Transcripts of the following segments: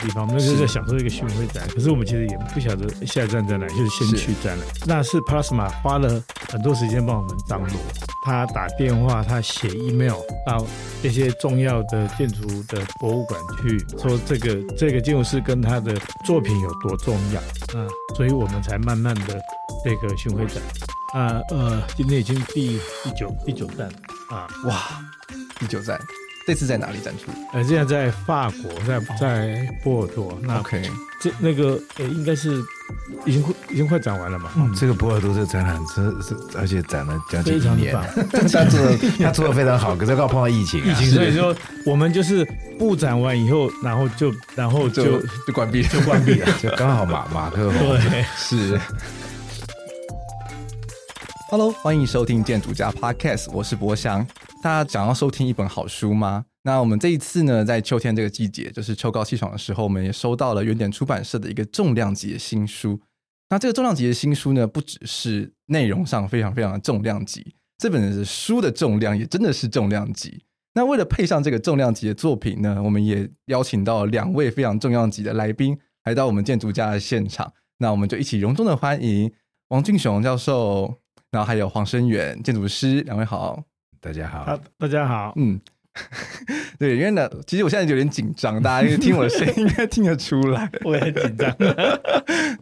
地方，那個在享受一個巡迴展，是可是我們其實也不曉得下一站在哪，就是先去站了。是那是 Pallasmaa 花了很多時間幫我們張羅，他的打電話，他寫 email 到這些重要的建築的博物館去，說這個這個建築師跟他的作品有多重要的啊，所以我們才慢慢的這個巡迴展。啊，呃，今天已經第九， 第九第九站啊，哇，第九站。這次在哪裡展出？呃，現在在法國，在在波爾多。那 OK，這那個呃，應該是已經已經快展完了嘛。這個波爾多這展覽，這是而且展了將近一年。他做的他做的非常好，可是剛好碰到疫情。疫情，所以說我們就是布展完以後，然後就然後就就關閉，就關閉了，就剛好馬馬克對是。Hello，歡迎收聽《建築加》Podcast，我是柏香。大家想要收聽一本好書嗎？那我們這一次呢，在秋天這個季節，就是秋高氣爽的時候，我們也收到了原點出版社的一個重量級的新書。那這個重量級的新書呢，不只是內容上非常非常的重量級，這本書的重量也真的是重量級。那為了配上這個重量級的作品呢，我們也邀請到兩位非常重量級的來賓來到我們建築加的現場。那我們就一起隆重的歡迎王俊雄教授，然後還有黃聲遠建築師，兩位好。大家好，好，大家好，嗯，對，因為呢，其實我現在有點緊張，大家應該聽我的聲音應該聽得出來， 我也很緊張。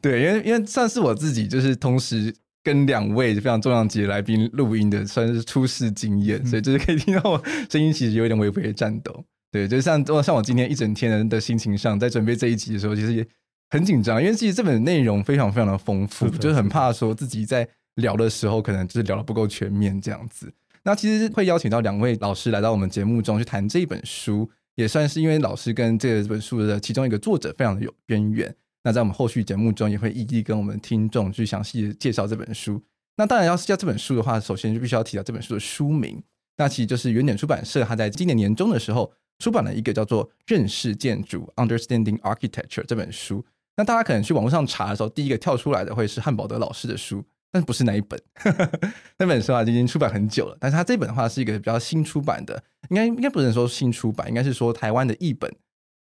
對，因為因為算是我自己，就是同時跟兩位非常重要級的來賓錄音的，算是初試經驗，嗯、所以就是可以聽到我聲音，其實有一點微微的顫抖。對，就像像我今天一整天的心情上，在準備這一集的時候，其實也很緊張，因為其實這本內容非常非常的豐富，是是是就是很怕說自己在聊的時候，可能就是聊的不夠全面這樣子。那其實會邀請到兩位老師來到我們節目中去談這一本書，也算是因為老師跟這，這本書的其中一個作者非常的有淵源。那在我們後續節目中也會一一跟我們聽眾去詳細的介紹這本書。那當然要是介紹這本書的話，首先就必須要提到這本書的書名。那其實就是原點出版社他在今年年中的時候出版了一個叫做《認識建築》（Understanding Architecture） 這本書。那大家可能去網絡上查的時候，第一個跳出來的會是漢寶德老師的書。但不是那一本， 那本書啊已經出版很久了。但是它這本的話是一個比較新出版的，應該應該不能說新出版，應該是說台灣的一本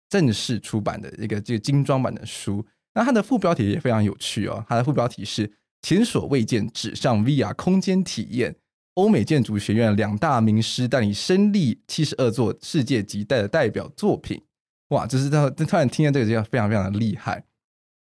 正式出版的一個這個精裝版的書。那它的副標題也非常有趣哦，它的副標題是“前所未見，紙上 VR 空間體驗，歐美建築學院兩大名師帶你身歷七十二座世界級代的代表作品”。哇，這、就是他突然聽見這個，就非常非常的厲害。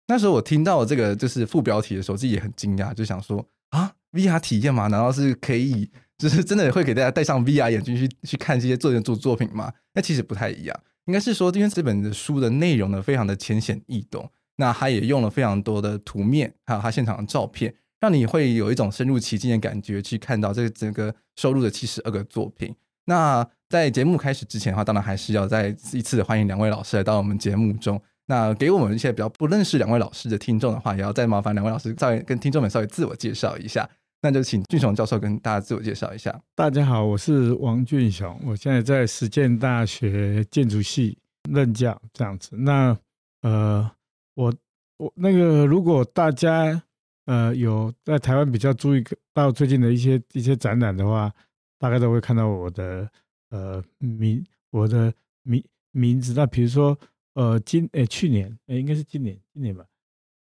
那時候我聽到這個就是副標題的時候，自己也很驚訝，就想說啊，VR 體驗嘛，難道是可以就是真的會給大家戴上 VR 眼鏡去去看這些作作作品嗎？那其實不太一樣，應該是說因為這本書的內容呢非常的淺顯易懂，那它也用了非常多的圖面還有它現場的照片，讓你會有一種深入其境的感覺，去看到這整個收錄的七十二個作品。那在節目開始之前的話，當然還是要再一次的歡迎兩位老師來到我們節目中。那給我們一些比較不認識兩位老師的聽眾的話，也要再麻煩兩位老師稍微跟聽眾們稍微自我介紹一下。那就請俊雄教授跟大家自我介紹一下。大家好，我是王俊雄，我現在在實踐大學建築系任教，這樣子。那呃，我我那個如果大家呃有在台灣比較注意到最近的一些一些展覽的話，大概都會看到我的呃名我的名名，名字。那比如說。呃，今誒、欸，去年誒、欸，應該是今年，今年吧，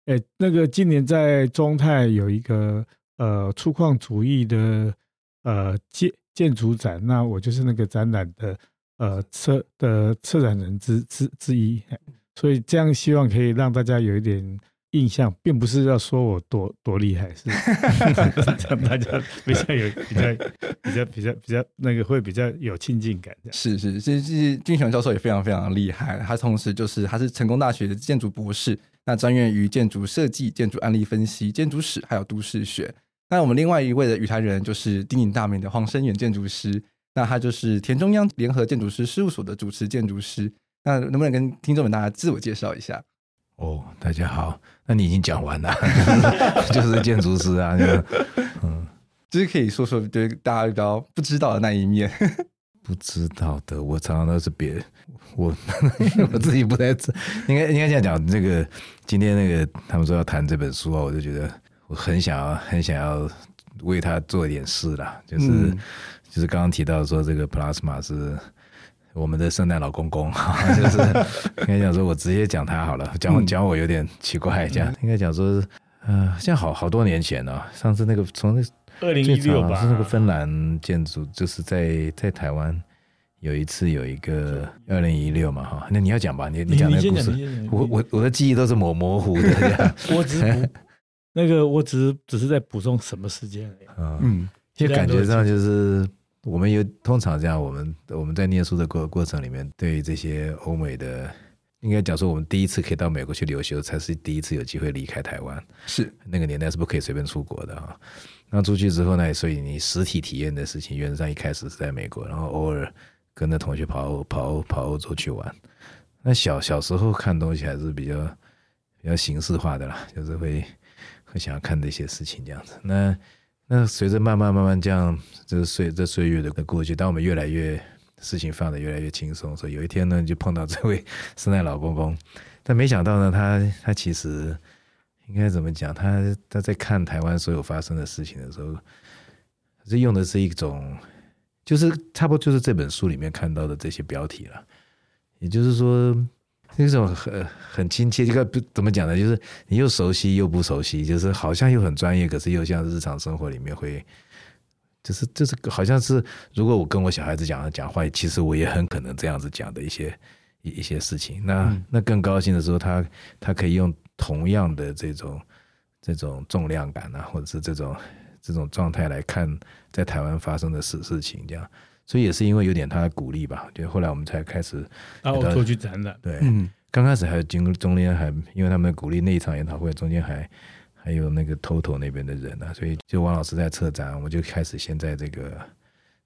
誒、欸，那個今年在中泰有一個呃粗獷主義的呃建建築展，那我就是那個展覽的呃策的策展人之之之一，所以這樣希望可以讓大家有一點。印象，並不是要說我多多厲害，是讓 大家比較有比較比較比較比較那個會比較有親近感是是。是是，這是俊雄教授也非常非常厲害。他同時就是他是成功大學的建築博士，那專於建築設計、建築案例分析、建築史還有都市學。那我們另外一位的與談人就是鼎鼎大名的黃聲遠建築師，那他就是田中央聯合建築師事務所的主持建築師。那能不能跟聽眾們大家自我介紹一下？哦，大家好。那你已經講完了， 就是建築師啊，那個，嗯，就是可以說說，對大家比較不知道的那一面。 不知道的，我常常都是別人，我 我自己不太知， 應該應該這樣講。這個今天那個他們說要談這本書啊，我就覺得我很想要很想要為他做一點事啦。就是、嗯、就是剛剛提到說這個 Pallasmaa 是。我們的聖誕老公公，就是應該講說，我直接講他好了，講我、嗯、講我有點奇怪，這樣應該講說，現、呃、像好好多年前哦，上次那個從那二零一六是那個芬蘭建築，就是在在台灣有一次有一個二零一六嘛哈，那你要講吧，你你講那個故事，我我我的記憶都是模模糊的， 我只是 那個我只是只是在補充什麼時間而已，嗯，就感覺上就是。我們有通常這樣，我們我們在念書的過過程裡面，對於這些歐美的，應該講說，我們第一次可以到美國去留學，才是第一次有機會離開台灣。是。那個年代是不可以隨便出國的啊。那出去之後呢，所以你實體體驗的事情，原則上一開始是在美國，然後偶爾跟着同學跑，跑歐，跑歐，跑歐洲去玩。那小小時候看東西還是比較比較形式化的啦，就是會會想要看這些事情這樣子。那那隨着慢慢慢慢這樣，就是、這歲這歲月的過去，當我們越來越事情放的越來越輕鬆，所以有一天呢，就碰到這位聖誕老公公，但沒想到呢，他他其實應該怎麼講，他他在看台灣所有發生的事情的時候，這用的是一種，就是差不多就是這本書裡面看到的這些標題了，也就是說。那種很很親切，這個怎麼講呢？就是你又熟悉又不熟悉，就是好像又很專業，可是又像日常生活裡面會，就是就是好像是如果我跟我小孩子講講話，其實我也很可能這樣子講的一些一些事情。那那更高興的時候，他他可以用同樣的這種這種重量感呢、啊，或者是這種這種狀態來看在台灣發生的事事情，這樣。所以也是因為有點他的鼓勵吧，就後來我們才開始、啊、到過去展覽。啊、對，嗯、剛開始還經中間還因為他們的鼓勵那一場研討會，中間還還有那個 TOTO 那邊的人呢、啊，所以就王老師在策展，我就開始現在這個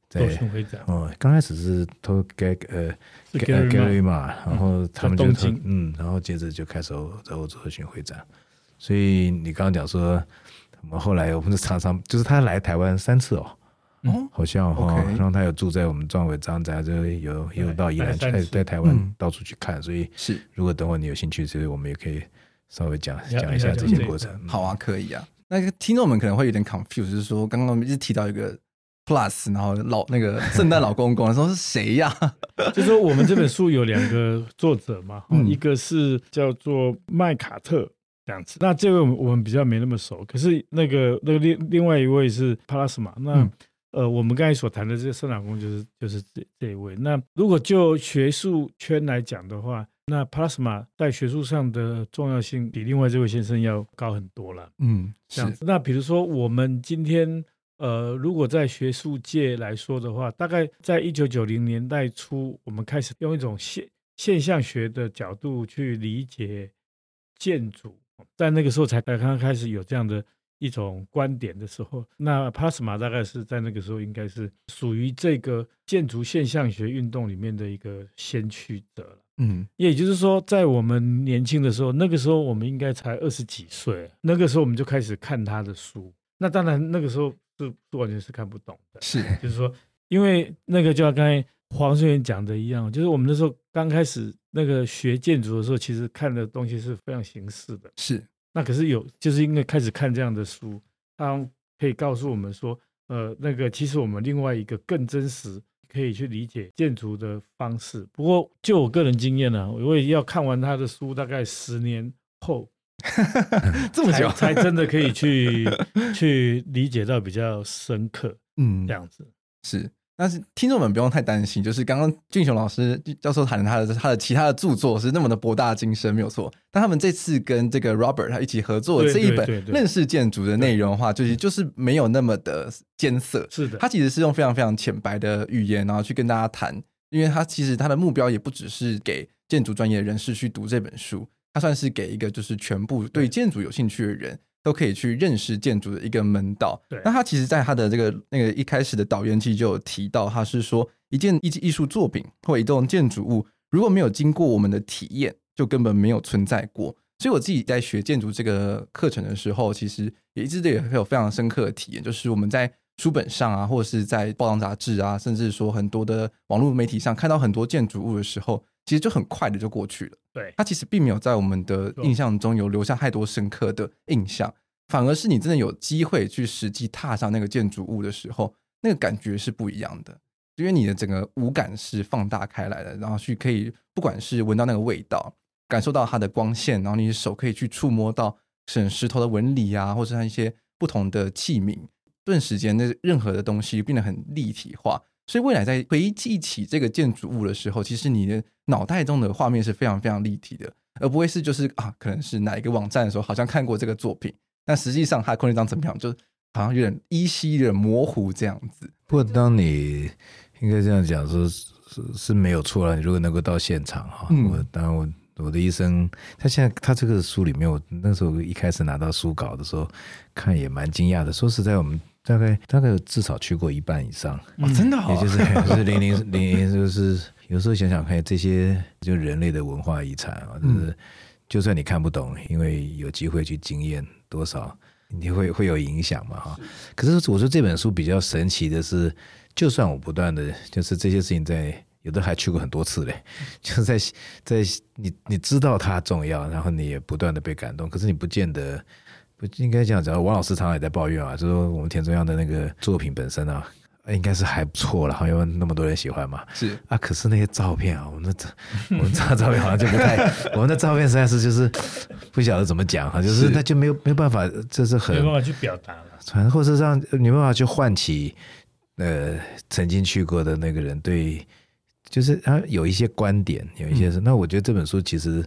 在巡回展。哦，剛開始是 TOTO 蓋呃蓋蓋嘛，ima, 然後他們就 og, 嗯,嗯，然後接着就開始歐洲做巡回展。所以你剛剛講說，我們後來我們就常常就是他來台灣三次哦。好像哈，好像他有住在我們壯圍張宅，就有有到宜蘭去，在台灣到處去看。所以是，如果等會你有興趣，其實我們也可以稍微講講一下這些過程。好啊，可以啊。那個聽眾們可能會有點 confused，就是說剛剛我們一直提到一個 plus，然後老那個聖誕老公公，說是誰呀？就說我們這本書有兩個作者嘛，一個是叫做麥卡特這樣子，那這位我們比較沒那麼熟，可是那個那個另另外一位是帕拉斯瑪嘛，那。呃，我們剛才所談的這個社長工就是就是這這一位。那如果就學術圈來講的話，那 Pallasmaa 在學術上的重要性比另外這位先生要高很多了。嗯，是。那比如說，我們今天呃，如果在學術界來說的話，大概在一九九零年代初，我們開始用一種現現象學的角度去理解建築，在那個時候才剛剛開始有這樣的。一種觀點的時候，那帕斯馬大概是在那個時候，應該是屬於這個建築現象學運動裡面的一個先驅者了。嗯，也就是說，在我們年輕的時候，那個時候我們應該才二十幾歲，那個時候我們就開始看他的書。那當然，那個時候是完全是看不懂的。是，就是說，因為那個，就像剛才黃聲遠講的一樣，就是我們那時候剛開始那個學建築的時候，其實看的東西是非常形式的。是。那可是有，就是因為開始看這樣的書，他可以告訴我們說，呃，那個其實我們另外一個更真實可以去理解建築的方式。不過就我個人經驗呢、啊，我也要看完他的書，大概十年後， 這麼久才、才真的可以去 去理解到比較深刻，嗯，這樣子、嗯、是。但是聽眾們不用太擔心，就是剛剛俊雄老師教授談他的他的其他的著作是那麼的博大精深，沒有錯。但他們這次跟這個 Robert 他一起合作這一本認識建築的內容的話，對對對對，就是就是沒有那麼的艱澀。是的，他其實是用非常非常淺白的語言，然後去跟大家談，因為他其實他的目標也不只是給建築專業的人士去讀這本書，他算是給一個就是全部對建築有興趣的人。對，嗯都可以去認識建築的一個門道對。那他其實在他的這個那個一開始的導言期就有提到，他是說一件藝藝術作品或一棟建築物，如果沒有經過我們的體驗，就根本沒有存在過。所以我自己在學建築這個課程的時候，其實也一直都有非常深刻的體驗，就是我們在書本上啊，或者是在報章雜誌啊，甚至說很多的網絡媒體上看到很多建築物的時候，其實就很快的就過去了。對，它其實並沒有在我們的印象中有留下太多深刻的印象，反而是你真的有機會去實際踏上那個建築物的時候，那個感覺是不一樣的。因為你的整個五感是放大開來的，然後去可以不管是聞到那個味道，感受到它的光線，然後你的手可以去觸摸到，是石頭的紋理啊，或者一些不同的器皿，頓時間那任何的東西變得很立體化。所以未來在回憶起這個建築物的時候，其實你的腦袋中的畫面是非常非常立體的，而不會是就是啊，可能是哪一個網站的時候好像看過這個作品，但實際上它的空間長怎麼樣，就好像有點依稀、有點模糊這樣子。不過，當你應該這樣講說，是是沒有錯了。你如果能夠到現場哈，嗯、我當然我我的醫生，他現在他這個書裡面我，我那時候一開始拿到書稿的時候看也蠻驚訝的。說實在，我們。大概大概有至少去過一半以上，哦、真的好、啊，也就是、就是零零零 零，就是有時候想想看，這些就人類的文化遺產啊，就是就算你看不懂，因為有機會去經驗多少，你會會有影響嘛哈。是。可是我說這本書比較神奇的是，就算我不斷的就是這些事情在有的還去過很多次嘞，就在在你你知道它重要，然後你也不斷的被感動，可是你不見得。我應該講，樣講，王老師常常也在抱怨啊。就是、說我們田中央的那個作品本身啊，欸、應該是還不錯了，因為那麼多人喜歡嘛。是啊，可是那些照片啊，我們的我們照照片好像就不太， 我們的照片實在是就是不曉得怎麼講哈、啊，是就是那就沒有沒有辦法，這、就是很沒辦法去表達了，反正或是讓你沒辦法去喚起呃曾經去過的那個人對，就是他有一些觀點，有一些是，嗯、那我覺得這本書其實。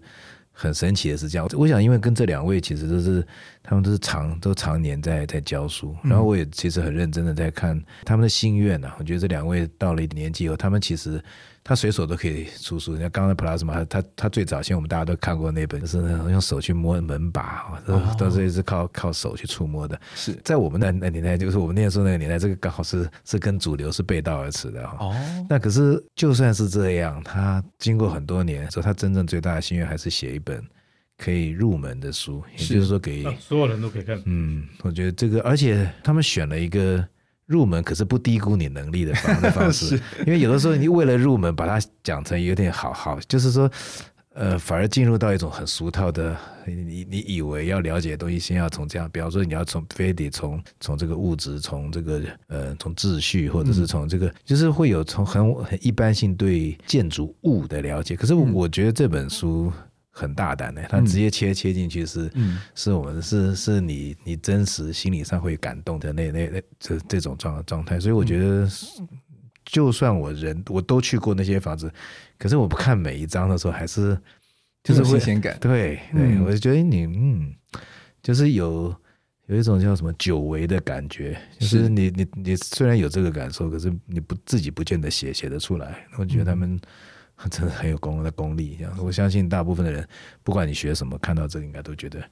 很神奇的是這樣，我想，因為跟這兩位其實都是，他們都是常都常年在在教書，然後我也其實很認真的在看他們的心願呢、啊。我覺得這兩位到了一定年紀以後，他們其實。他隨手都可以出書，你看剛才 Pallasmaa 他他最早期我們大家都看過那本，就是用手去摸門把，當時也是一直靠靠手去觸摸的。哦、是，在我們那那年代，就是我們那時候那個年代，這個剛好是是跟主流是背道而馳的哦。那可是就算是這樣，他經過很多年，所以他真正最大的心願還是寫一本可以入門的書，也就是說給是、嗯、所有人都可以看。嗯，我覺得這個，而且他們選了一個。入門可是不低估你能力的方方式。 是因為有的時候你為了入門，把它講成有點好好，就是說，呃，反而進入到一種很俗套的，你你以為要了解的東西，先要從這樣，比方說你要從非得從從，從這個物質，從這個呃從秩序，或者是從這個，嗯、就是會有從很很一般性對建築物的了解。可是我覺得這本書。嗯很大膽的、欸，他直接切、嗯、切進去是，嗯、是我們是是你你真實心理上會感動的那那那這這種狀狀態，所以我覺得，就算我人我都去過那些房子，可是我不看每一張的時候，還是就是危險感。對對，對嗯、我覺得你嗯，就是有有一種叫什麼久違的感覺，就是你你是你雖然有這個感受，可是你不自己不見得寫寫得出來。我覺得他們。嗯真的很有功的功力，我相信大部分的人，不管你學什麼，看到這個應該都覺得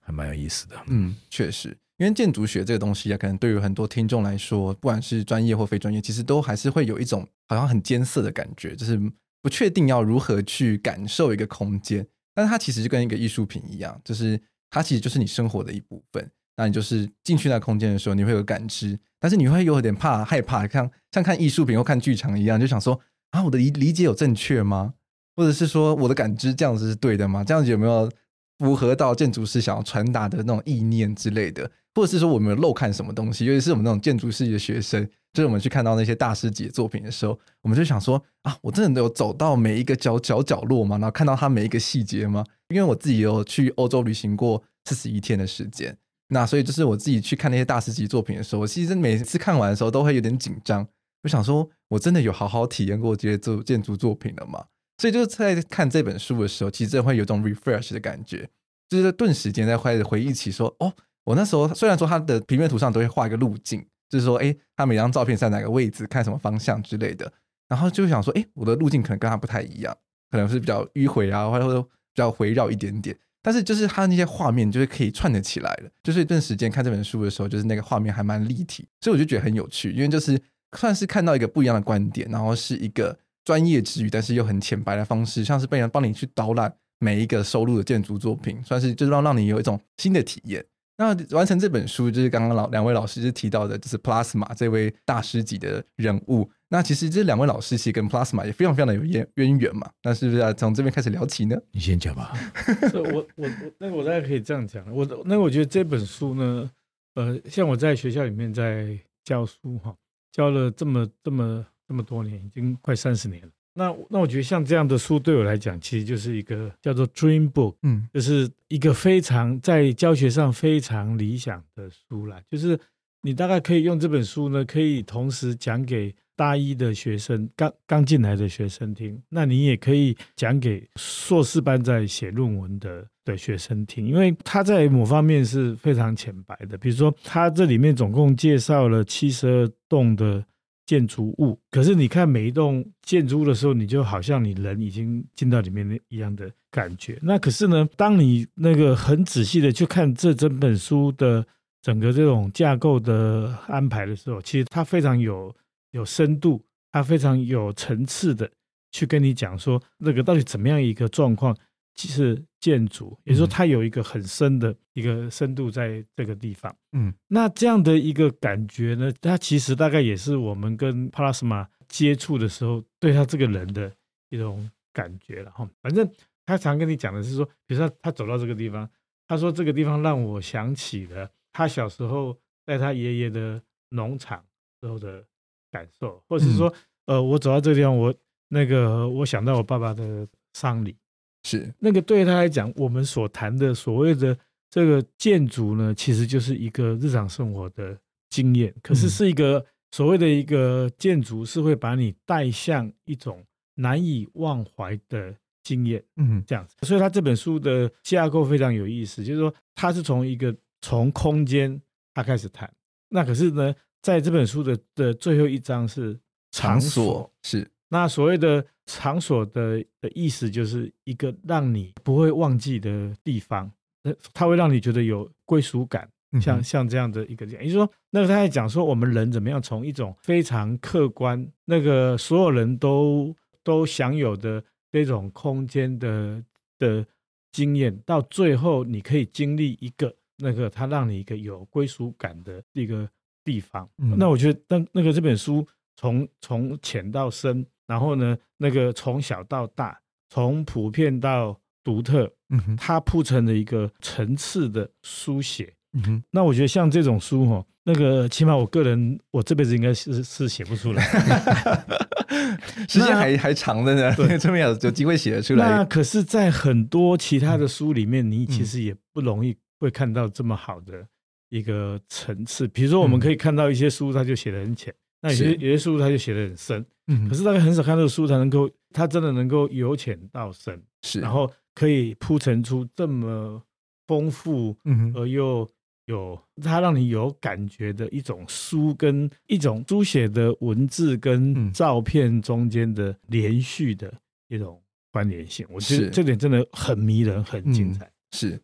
還蠻有意思的。嗯，確實，因為建築學這個東西啊，可能對於很多聽眾來說，不管是專業或非專業，其實都還是會有一種好像很艱澀的感覺，就是不確定要如何去感受一個空間。但是它其實就跟一個藝術品一樣，就是它其實就是你生活的一部分。那你就是進去那空間的時候，你會有感知，但是你會有點怕、害怕，像像看藝術品或看劇場一樣，就想說。啊，我的理理解有正確嗎？或者是說我的感知這樣子是對的嗎？這樣子有沒有符合到建築師想要傳達的那種意念之類的？或者是說我們有漏看什麼東西？尤其是我們那種建築師的學生，就是我們去看到那些大師級作品的時候，我們就想說：啊，我真的有走到每一個角角角落嗎？然後看到他每一個細節嗎？因為我自己有去歐洲旅行過四十一天的時間，那所以就是我自己去看那些大師級作品的時候，我其實每次看完的時候都會有點緊張。我想說，我真的有好好體驗過這些建築作品了嗎？所以就是在看這本書的時候，其實真的會有一種 refresh 的感覺，就是頓時間在開始回憶起說，哦，我那時候雖然說他的平面圖上都會畫一個路徑，就是說，誒、欸、他每張照片在哪個位置，看什麼方向之類的，然後就想說，哎、欸，我的路徑可能跟他不太一樣，可能是比較迂迴啊，或者說比較迴繞一點點，但是就是他的那些畫面就是可以串得起來了，就是一段時間看這本書的時候，就是那個畫面還蠻立體，所以我就覺得很有趣，因為就是。算是看到一個不一樣的觀點，然後是一個專業之餘，但是又很淺白的方式，像是被人幫你去導覽每一個收錄的建築作品，算是就是讓讓你有一種新的體驗。那完成這本書，就是剛剛老兩位老師提到的，就是 Pallasmaa 這位大師級的人物。那其實這兩位老師其實跟 Pallasmaa 也非常非常的有淵淵源嘛。那是不是要從這邊開始聊起呢？你先講吧。 我我我那個、我大概可以這樣講，我那個、我覺得這本書呢，呃，像我在學校裡面在教書哈。教了這麼這麼這麼多年，已經快三十年了。那那我覺得像這樣的書，對我來講，其實就是一個叫做 Dream Book，嗯，就是一個非常在教學上非常理想的書啦，就是你大概可以用這本書呢，可以同時講給大一的學生，剛剛進來的學生聽，那你也可以講給碩士班在寫論文的。對學生聽，因為它在某方面是非常淺白的。比如說，它這裡面總共介紹了七十二棟的建築物，可是你看每一棟建築物的時候，你就好像你人已經進到裡面的一樣的感覺。那可是呢，當你那個很仔細的去看這整本書的整個這種架構的安排的時候，其實它非常有有深度，它非常有層次的去跟你講說，那個到底怎麼樣一個狀況。其實建築，也就是說，它有一個很深的一個深度在這個地方。嗯，那這樣的一個感覺呢，它其實大概也是我們跟帕拉斯瑪接觸的時候，對他這個人的一種感覺了哈。反正他常跟你講的是說，比如說他走到這個地方，他說這個地方讓我想起了他小時候在他爺爺的農場時候的感受，或者是說，嗯、呃，我走到這個地方，我那個我想到我爸爸的喪禮。是那個對他來講，我們所談的所謂的這個建築呢，其實就是一個日常生活的經驗，可是是一個所謂的一個建築是會把你帶向一種難以忘懷的經驗，嗯，這樣子。所以他這本書的架構非常有意思，就是說他是從一個從空間他開始談，那可是呢，在這本書的的最後一章是場所，場所是那所謂的。場所的的意思就是一個讓你不會忘記的地方，那它會讓你覺得有歸屬感，嗯、哼像像這樣的一個點，也就是說，那個他在講說我們人怎麼樣從一種非常客觀，那個所有人都都享有的這種空間的的經驗，到最後你可以經歷一個那個它讓你一個有歸屬感的一個地方。嗯、哼那我覺得，那那個這本書從從淺到深。然後呢，那個從小到大，從普遍到獨特，嗯哼，它鋪成的一個層次的書寫，嗯哼。那我覺得像這種書哈、哦，那個起碼我個人我這輩子應該是是寫不出來， 時間還那還長著呢，對， 這麼有有機會寫得出來。那可是，在很多其他的書裡面，嗯、你其實也不容易會看到這麼好的一個層次。比如說，我們可以看到一些書，嗯、它就寫得很淺。那有些有些書，它就寫的很深，是嗯、可是大家很少看這個書，才能夠，它真的能夠由淺到深，是，然後可以鋪陳出這麼豐富，嗯，而又有它、嗯、哼讓你有感覺的一種書，跟一種書寫的文字跟照片中間的連續的一種關聯性，是我覺得這點真的很迷人，很精彩，嗯嗯、是。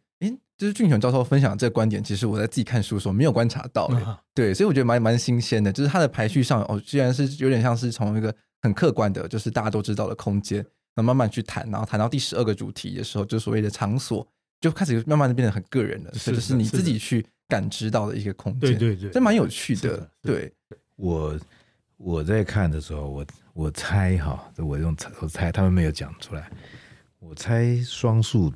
就是俊雄教授分享的這個觀點，其實我在自己看書的時候沒有觀察到，啊、哈對，所以我覺得蠻蠻新鮮的。就是它的排序上，哦，居然是有點像是從一個很客觀的，就是大家都知道的空間，那慢慢去談，然後談到第十二個主題的時候，就所謂的場所，就開始慢慢的變得很個人了，就是你自己去感知到的一些空間。對對對，這蠻有趣的。的的的對，我我在看的時候，我我猜哈，我用猜，我猜他們沒有講出來，我猜雙數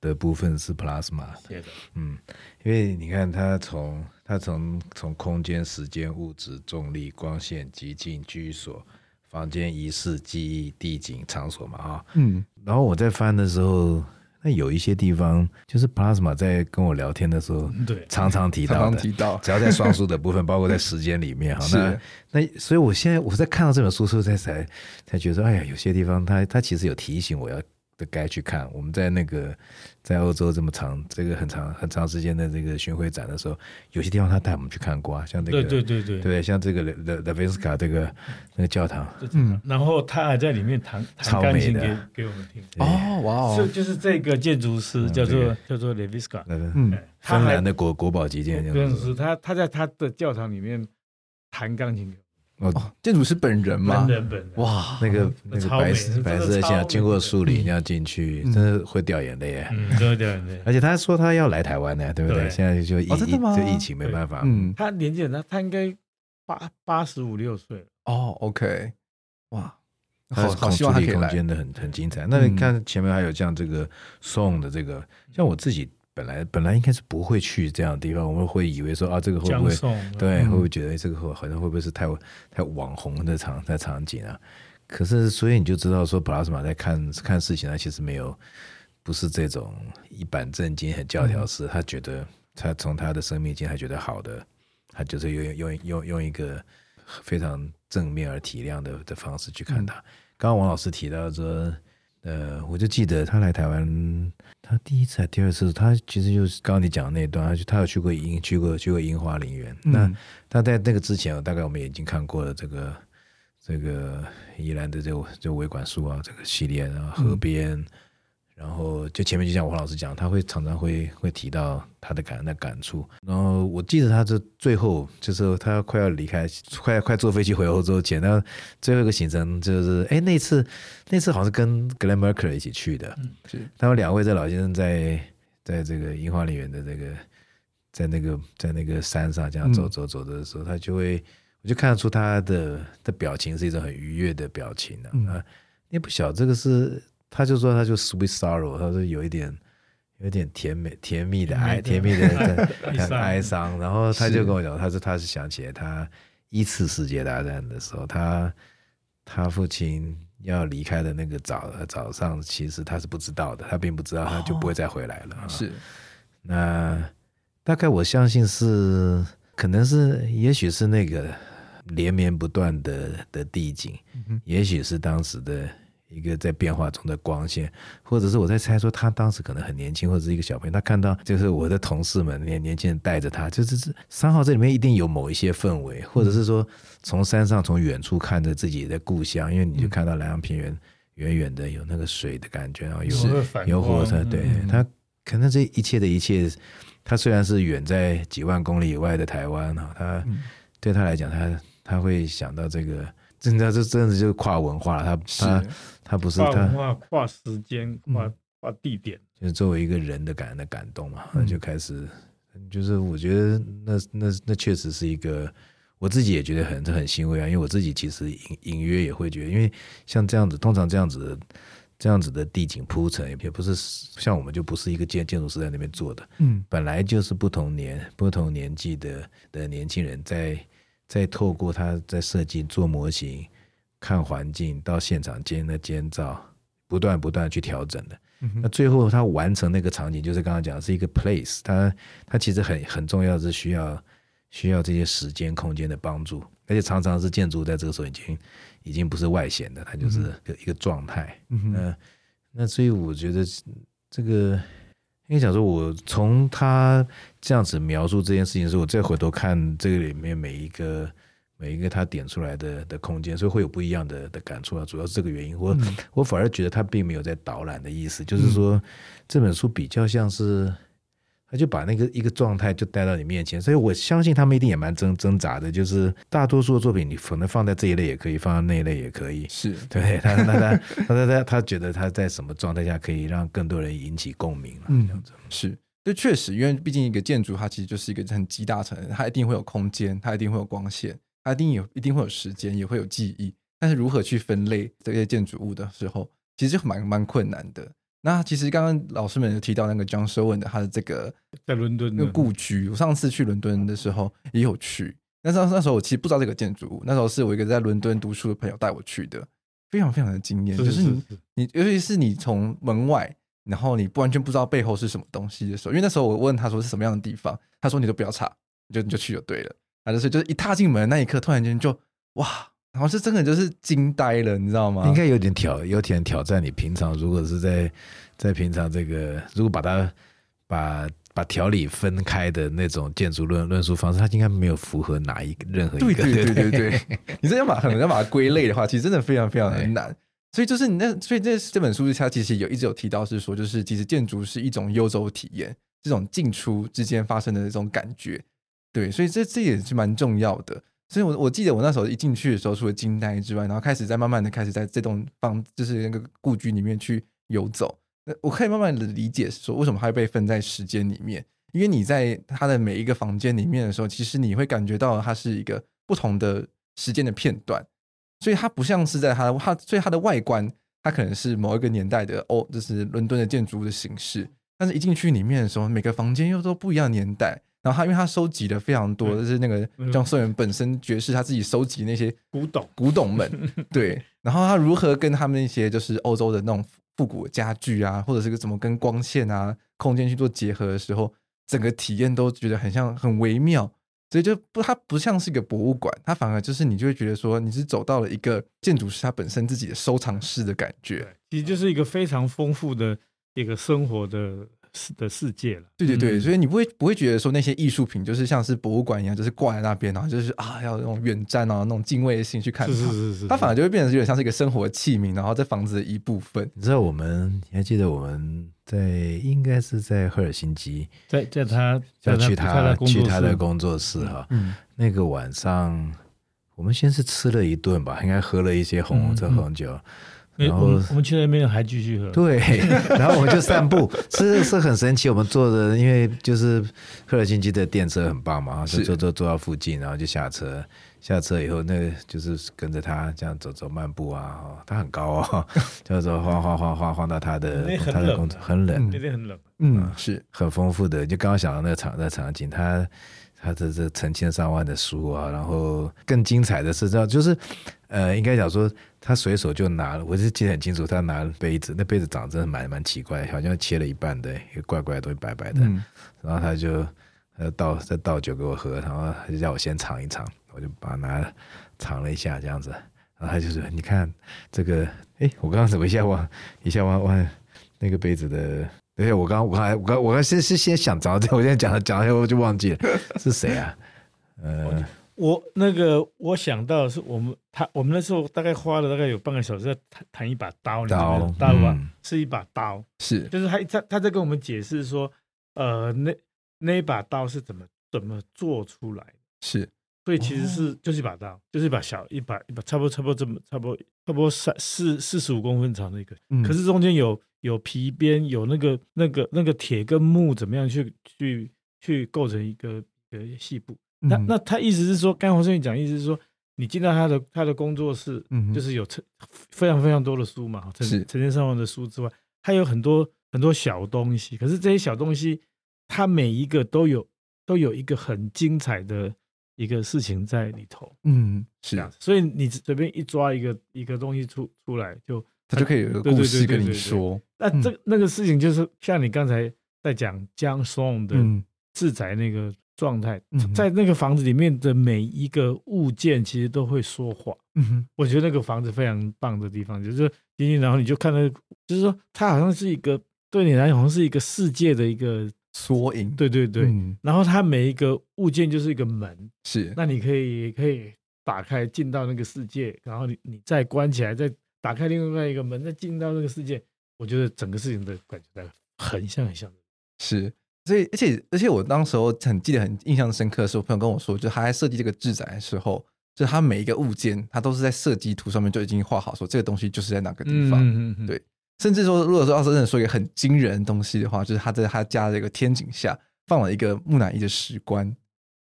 的部分是 plasma 的，的嗯，因為你看它，它從他從從空間、時間、物質、重力、光線、寂靜、居所、房間、儀式、記憶、地景、場所嘛，哈、哦，嗯，然後我在翻的時候，那有一些地方就是 plasma 在跟我聊天的時候，嗯、對，常常，常常提到，常常提到，只要在雙數的部分， 包括在時間裡面，哈 是，那那，所以我現在我在看到這本書之後，才才才覺得，哎呀，有些地方它他，他其實有提醒我要的該去看，我們在那個。在歐洲這麼長，這個很長很長時間的這個巡回展的時候，有些地方他帶我們去看過啊、那個，像這個，對對對對，像這個 Le Leviska 這個那個教堂，嗯，然後他還在裡面彈彈鋼琴給、啊、給,給我們聽，哦哇哦，就就是這個建築師叫做、嗯、叫做 Leviska 嗯，芬蘭、嗯、還的國國寶級建築師、嗯，嗯、是他他在他的教堂裡面彈鋼琴。哦，店主是本人嗎？本人本人。哇，那個那個白色白色鞋，經過樹林要進去，真的會掉眼淚。嗯，真的會掉眼淚。而且他說他要來台灣的，對不對？現在就疫就疫情沒辦法。嗯，他年紀很大，他應該八八十五六歲。哦，OK。哇，好好立體空間的很很精彩。那你看前面還有像這個宋的這個，像我自己。本來本來應該是不會去這樣的地方，我們會以為說啊，這個會不會對？會不會覺得這個會好像會不會是太、嗯、太網紅的場、的場景啊？可是，所以你就知道說普拉斯 s 在看看事情他其實沒有不是這種一板正經、很教條式。嗯、他覺得他從他的生命經還覺得好的，他就是用用用用一個非常正面而體諒的的方式去看他。嗯、剛剛王老師提到說。呃，我就記得他來台灣，他第一次，還第二次？他其實就是剛剛你講的那段，他就他有去過櫻，去過去過櫻花陵園。嗯、那他在那個之前，大概我們已經看過了這個這個宜蘭的這這個、維管束啊，這個系列啊，然後河邊。嗯然後就前面就像王老師講，他會常常會會提到他的感的感觸。然後我記得他是最後就是他快要離開，快快坐飛機回歐洲前，那最後一個行程就是，哎，那次那次好像是跟 Glenn Merker 一起去的，嗯、是他們兩位在老先生在在這個櫻花林園的這個在那個在那個山上這樣走走走的時候，嗯、他就會我就看得出他的的表情是一種很愉悅的表情啊，你、嗯、也不曉這個是。他就說，他就 sweet sorrow，他說有一點，有一點甜美，甜蜜的愛，甜蜜的哀傷。然後他就跟我講，他說他是想起來他一次世界大戰的時候，是他他父親要離開的那個早早上，其實他是不知道的，他並不知道他就不會再回來了。哦啊、是，那大概我相信是，可能是，也許是那個連綿不斷的的地景，嗯、哼也許是當時的。一個在變化中的光線，或者是我在猜說，他當時可能很年輕，或者是一個小朋友。他看到就是我的同事們年年輕人帶着他，這這這，三號這裡面一定有某一些氛圍，或者是說從山上從遠處看着自己的故鄉，因為你就看到蘭陽平原、嗯、遠遠的有那個水的感覺啊，有是有火車，光對他可能這一切的一切，他雖然是遠在幾萬公里以外的台灣啊，他、嗯、對他來講，他他會想到這個。真的這這樣子，就是跨文化了，他是他他不是跨文化，他跨時間，嗯、跨跨地點，就是作為一個人的感恩的感動嘛，嗯、那就開始，就是我覺得那那那確實是一個，我自己也覺得很很欣慰啊，因為我自己其實隱隱約也會覺得，因為像這樣子，通常這樣子這樣子的地景鋪成，也不是像我們就不是一個建建築師在那邊做的，嗯，本來就是不同年不同年紀的的年輕人在。再透過他在設計做模型，看環境到現場間的監造，不斷不斷去調整的。嗯、哼那最後他完成那個場景，就是剛剛講的是一個 place 他。他他其實很很重要的是需要需要這些時間空間的幫助，而且常常是建築在這個時候已經已經不是外顯的，它就是一個一個狀態。嗯、哼那那所以我覺得這個。因為想說，我從他這樣子描述這件事情的時候，我再回頭看這個裡面每一個每一個他點出來的的空間，所以會有不一樣的的感觸啊，主要是這個原因。我、嗯、我反而覺得他並沒有在導覽的意思，就是說這本書比較像是。他就把那個一個狀態就帶到你面前，所以我相信他們一定也蠻掙扎的。就是大多數的作品，你可能放在這一類也可以，放在那一類也可以。是，對他，他 他他他他覺得他在什麼狀態下可以讓更多人引起共鳴、啊、嗯，這是，就確實，因為畢竟一個建築，它其實就是一個很集大成，它一定會有空間，它一定會有光線，它一定有，一定會有時間，也會有記憶。但是如何去分類這些建築物的時候，其實就蠻蠻困難的。那其實剛剛老師們有提到那個江舍問的他的這個在倫敦的故居，我上次去倫敦的時候也有去，但是那時候我其實不知道這個建築物，那時候是我一個在倫敦讀書的朋友帶我去的，非常非常的驚豔，就是你尤其是你從門外，然後你不完全不知道背後是什麼東西的時候，因為那時候我問他說是什麼樣的地方，他說你都不要查，就你就去就對了，反正就是就是一踏進門那一刻，突然間就哇。然後這真的就是驚呆了，你知道嗎？應該有點挑，有點挑戰。你平常如果是在在平常這個，如果把它把把條理分開的那種建築論論述方式，它應該沒有符合哪一個任何一個。對，對對對對對， 你這樣把很難把它歸類的話，其實真的非常非常的難。哎、所以就是你那，所以這這本書它其實有一直有提到是說，就是其實建築是一種遊走體驗，這種進出之間發生的那種感覺，對，所以這這也是蠻重要的。所以我，我我記得我那時候一進去的時候，除了驚呆之外，然後開始在慢慢的開始在這棟房，就是那個故居裡面去遊走。我可以慢慢的理解說，為什麼它會被分在時間裡面，因為你在它的每一個房間裡面的時候，其實你會感覺到它是一個不同的時間的片段。所以它不像是在它它，所以它的外觀它可能是某一個年代的，哦，就是倫敦的建築物的形式。但是一進去裡面的時候，每個房間又都不一樣年代。然後他因為他收集的非常多，嗯、就是那個 John Soane 本身爵士他自己收集那些古董古董們， 對。然後他如何跟他們那些就是歐洲的那種復古家具啊，或者是個怎麼跟光線啊、空間去做結合的時候，整個體驗都覺得很像很微妙，所以就不他不像是一個博物館，他反而就是你就會覺得說你是走到了一個建築師他本身自己的收藏室的感覺，其實就是一個非常豐富的一個生活的。的世界了，對對對，嗯、所以你不會不會覺得說那些藝術品就是像是博物館一樣，就是掛在那邊，然後就是啊，要用遠瞻啊，那種敬畏的心去看他。是,是,是,是,是它反而就會變得有點像是一個生活器皿，然後在房子的一部分。你知道，我們你還記得我們在應該是在赫爾辛基，在在他要去他,在他去他的工作室哈、哦。嗯。那個晚上，我們先是吃了一頓吧，應該喝了一些紅,紅,色紅酒。嗯嗯然後我們去那邊還繼續喝。對，然後我們就散步， 是是很神奇。我們坐着，因為就是赫爾辛基的電車很棒嘛，是坐坐坐到附近，然後就下車。下車以後，那個就是跟着他這樣走走漫步啊。哦、他很高啊、哦， 就是晃晃晃晃晃到他的，啊、他的工作很冷，那邊很冷。嗯，是很豐富的。就剛剛想到的那場那場景，他他的這成千上萬的書啊，然後更精彩的是，這樣，就是呃，應該講說。他隨手就拿了，我是記得很清楚，他拿了杯子，那杯子長得真的蠻蠻奇怪，好像切了一半的，一個怪怪的東西，白白的。嗯、然後他就呃倒再倒酒給我喝，然後他就叫我先嘗一嘗，我就把它拿嘗了一下，這樣子。然後他就說：“你看這個，哎，我剛剛怎麼一下忘一下忘忘那個杯子的？等下我剛，剛我剛才我剛我剛是是先想着這，我現在講了講了下，我就忘記了 是誰啊？嗯、呃。哦”我那個，我想到的是我們他我們那時候大概花了大概有半個小時在談談一把刀，刀你知道嗎？刀刀啊，嗯、是一把刀是，就是他他他在跟我們解釋說，呃，那那一把刀是怎麼怎麼做出來？是，所以其實是、哦、就是一把刀，就是一把小一把一把差不多差不多這麼差不多差不多三四四十五公分長的、那、一個，嗯、可是中間有有皮鞭，有那個那個那個鐵跟木怎麼樣去去去構成一個呃細部。那那他意思是說，剛剛黃聲遠講意思是說，你進到他的他的工作室，嗯、哼就是有成非常非常多的書嘛，成是成千上萬的書之外，他有很多很多小東西，可是這些小東西，他每一個都有都有一個很精彩的一個事情在裡頭，嗯，是這、啊、樣，所以你隨便一抓一個一個東西出出來就，就他就可以有一個故事跟你說。嗯、那這個、那個事情就是像你剛才在講江松的自宅那個。嗯狀態在那個房子裡面的每一個物件，其實都會說話。嗯哼，我覺得那個房子非常棒的地方，就是進進然後你就看到，那個，就是說它好像是一個對你來講，好像是一個世界的一個縮影。對對對，嗯、然後它每一個物件就是一個門，是那你可以可以打開進到那個世界，然後你你再關起來，再打開另外一個門，再進到那個世界。我覺得整個事情的感覺很像，很像，很像是。所以，而且，而且，我當時候很記得很印象深刻的是，我朋友跟我說，就他在設計這個住宅的時候，就他每一個物件，他都是在設計圖上面就已經畫好說，說這個東西就是在哪個地方。嗯。嗯嗯對，甚至說，如果說要真的說一個很驚人的東西的話，就是他在他家的這個天井下放了一個木乃伊的石棺，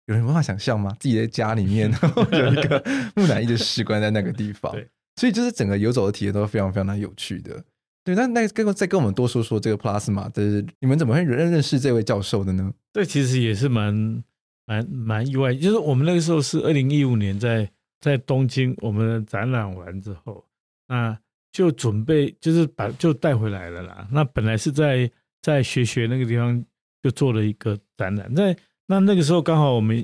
有人有辦法想象嗎？自己在家裡面 有一個木乃伊的石棺在那個地方， 對所以就是整個遊走的體驗都是非常非常有趣的。對，那那個跟再跟我們多說說這個 Pallasmaa 嘛，就是你們怎麼會認認識這位教授的呢？對，其實也是蠻蠻蠻意外，就是我們那個時候是二零一五年在在東京，我們展覽完之後，那就準備就是把就帶回來了啦。那本來是在在學學那個地方就做了一個展覽，那那那個時候剛好我們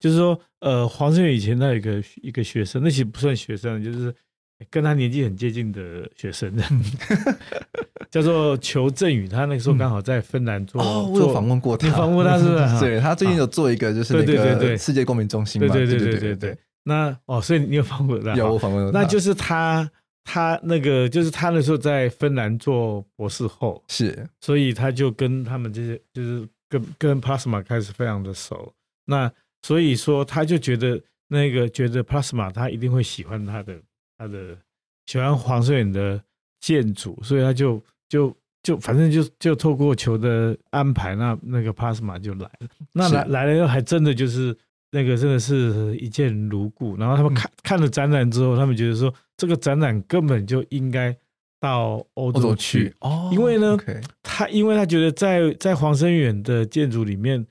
就是說，呃，黃聲遠以前那一個一個學生，那其實不算學生，就是。跟他年紀很接近的學生， 叫做裘振宇，他那時候剛好在芬蘭做、嗯。哦，訪問過他。訪問過，他是，不是、啊？ 對，他最近有做一個，就是那個世界公民中心嘛。對對對對，對對對對對對。那哦，所以你有訪問過他？有訪、哦、問過他、哦。那就是他，他那個就是他那時候在芬蘭做博士後，是，所以他就跟他們這些，就是跟跟 Pallasmaa 開始非常的熟。那所以說，他就覺得那個覺得 Pallasmaa 他一定會喜歡他的。他的喜歡黃聲遠的建築，所以他就就就反正就就透過球的安排，那那個帕斯瑪就來了。那來是來了以後，還真的就是那個真的是一見如故。然後他們看、嗯、看了展覽之後，他們覺得說這個展覽根本就應該到歐洲去，歐洲去哦，因為呢，okay 他因為他覺得在在黃聲遠的建築裡面，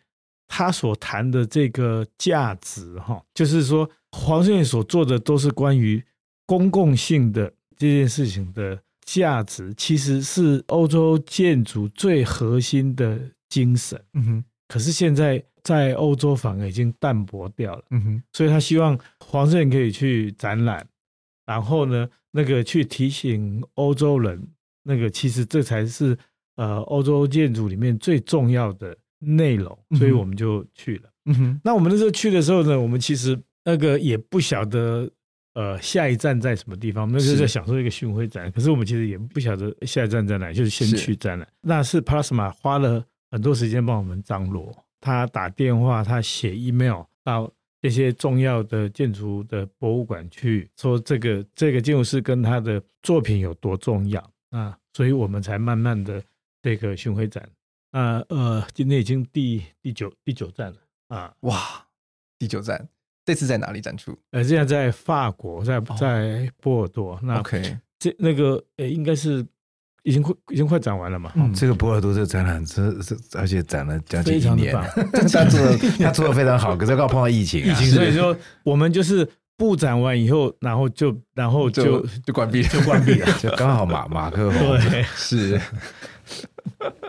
他所談的這個價值哈，就是說黃聲遠所做的都是關於。公共性的這件事情的價值，其實是歐洲建築最核心的精神。嗯、哼可是現在在歐洲反而已經淡薄掉了。嗯、哼所以他希望黃聲遠可以去展覽，嗯、哼然後呢，那個去提醒歐洲人，那個其實這才是呃歐洲建築裡面最重要的內容。嗯、哼所以我們就去了。嗯、哼那我們那時候去的時候呢，我們其實那個也不曉得。呃，下一站在什麼地方？我就是在享受一個巡迴展，是，可是我們其實也不曉得下一站在哪，就是先去站了。是，那是 Pallasmaa 花了很多時間幫我們張羅，嗯、他打電話，他寫 email 到一些重要的建築的博物館去，說這個這個建築師跟他的作品有多重要啊，所以我們才慢慢的這個巡迴展。那、啊、呃，今天已經第第九第九站了啊，哇，第九站。這次在哪裡展出？呃，現在在法國，在在波爾多。Oh. 那 OK，這那個呃、欸，應該是已經快已經快展完了嘛。嗯、這個波爾多這個展覽，是是，而且展了將近一年，這展 他做的非常好。 可是剛好碰到疫情、啊，疫情所以說是我們就是布展完以後，然後就然後就就關閉，就關閉了。就剛 好馬馬克宏 對是，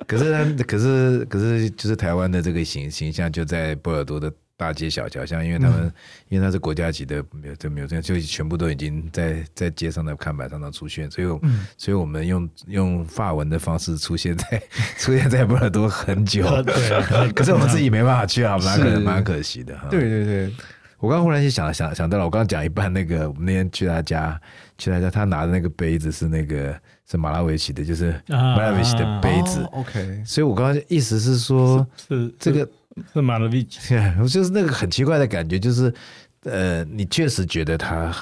可是呢可是可是就是台灣的這個形形象就在波爾多的。大街小巷，像因為他們，嗯、因為他是國家級的，沒有，這沒有這樣，就全部都已經在在街上的看板上都出現，所以，嗯、所以，我們用用發文的方式出現在出現在波爾多很久， 對。對對可是我們自己沒辦法去啊，蠻可能蠻可惜的哈。對對對，哦、我剛，剛忽然就想想想到了，我剛剛講一半那個，我們那天去他家去他家，他拿的那個杯子是那個是馬拉維奇的，就是馬拉維奇的杯子。啊哦、OK。所以我剛剛意思是說，是，是這個。是馬德里，我、yeah, 就是那個很奇怪的感覺，就是，呃，你確實覺得它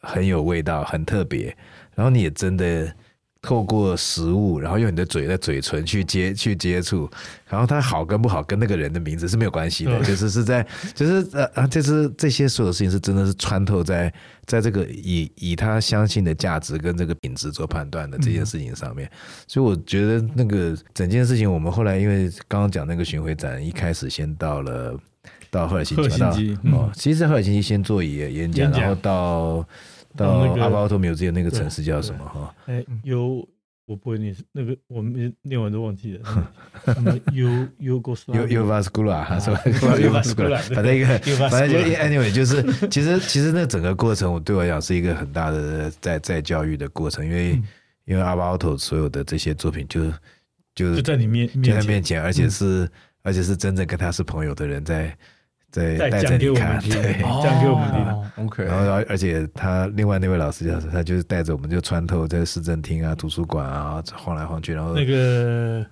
很有味道，很特別，然後你也真的。透過食物，然後用你的嘴的嘴唇去接去接觸，然後他好跟不好跟那個人的名字是沒有關係的，嗯、就是是在，就是呃啊，就是這些所有事情是真的是穿透在在這個以以他相信的價值跟這個品質做判斷的這件事情上面，嗯、所以我覺得那個整件事情，我們後來因為剛剛講那個巡迴展，一開始先到了到赫爾辛基、嗯到，哦，其實赫爾辛基先做一演講，演講然後到。到阿巴奧特沒有之前那個城市叫什麼哈？哎，U，我不會念，那個我們念完都忘記了。什麼 U Ugos U Uvascola 是吧？Uvascola 反正一個，反正就 anyway 就是，其實其實那整個過程我對我來講是一個很大的在在教育的過程，因為因為阿巴奧特所有的這些作品就就在你面就在面前，而且是而且是真正跟他是朋友的人在。在帶着我們，對，講給我們聽，OK。然後，而且他另外那位老師就是他，就是帶着我們就穿透在市政廳啊、圖書館啊晃來晃去，然後那個，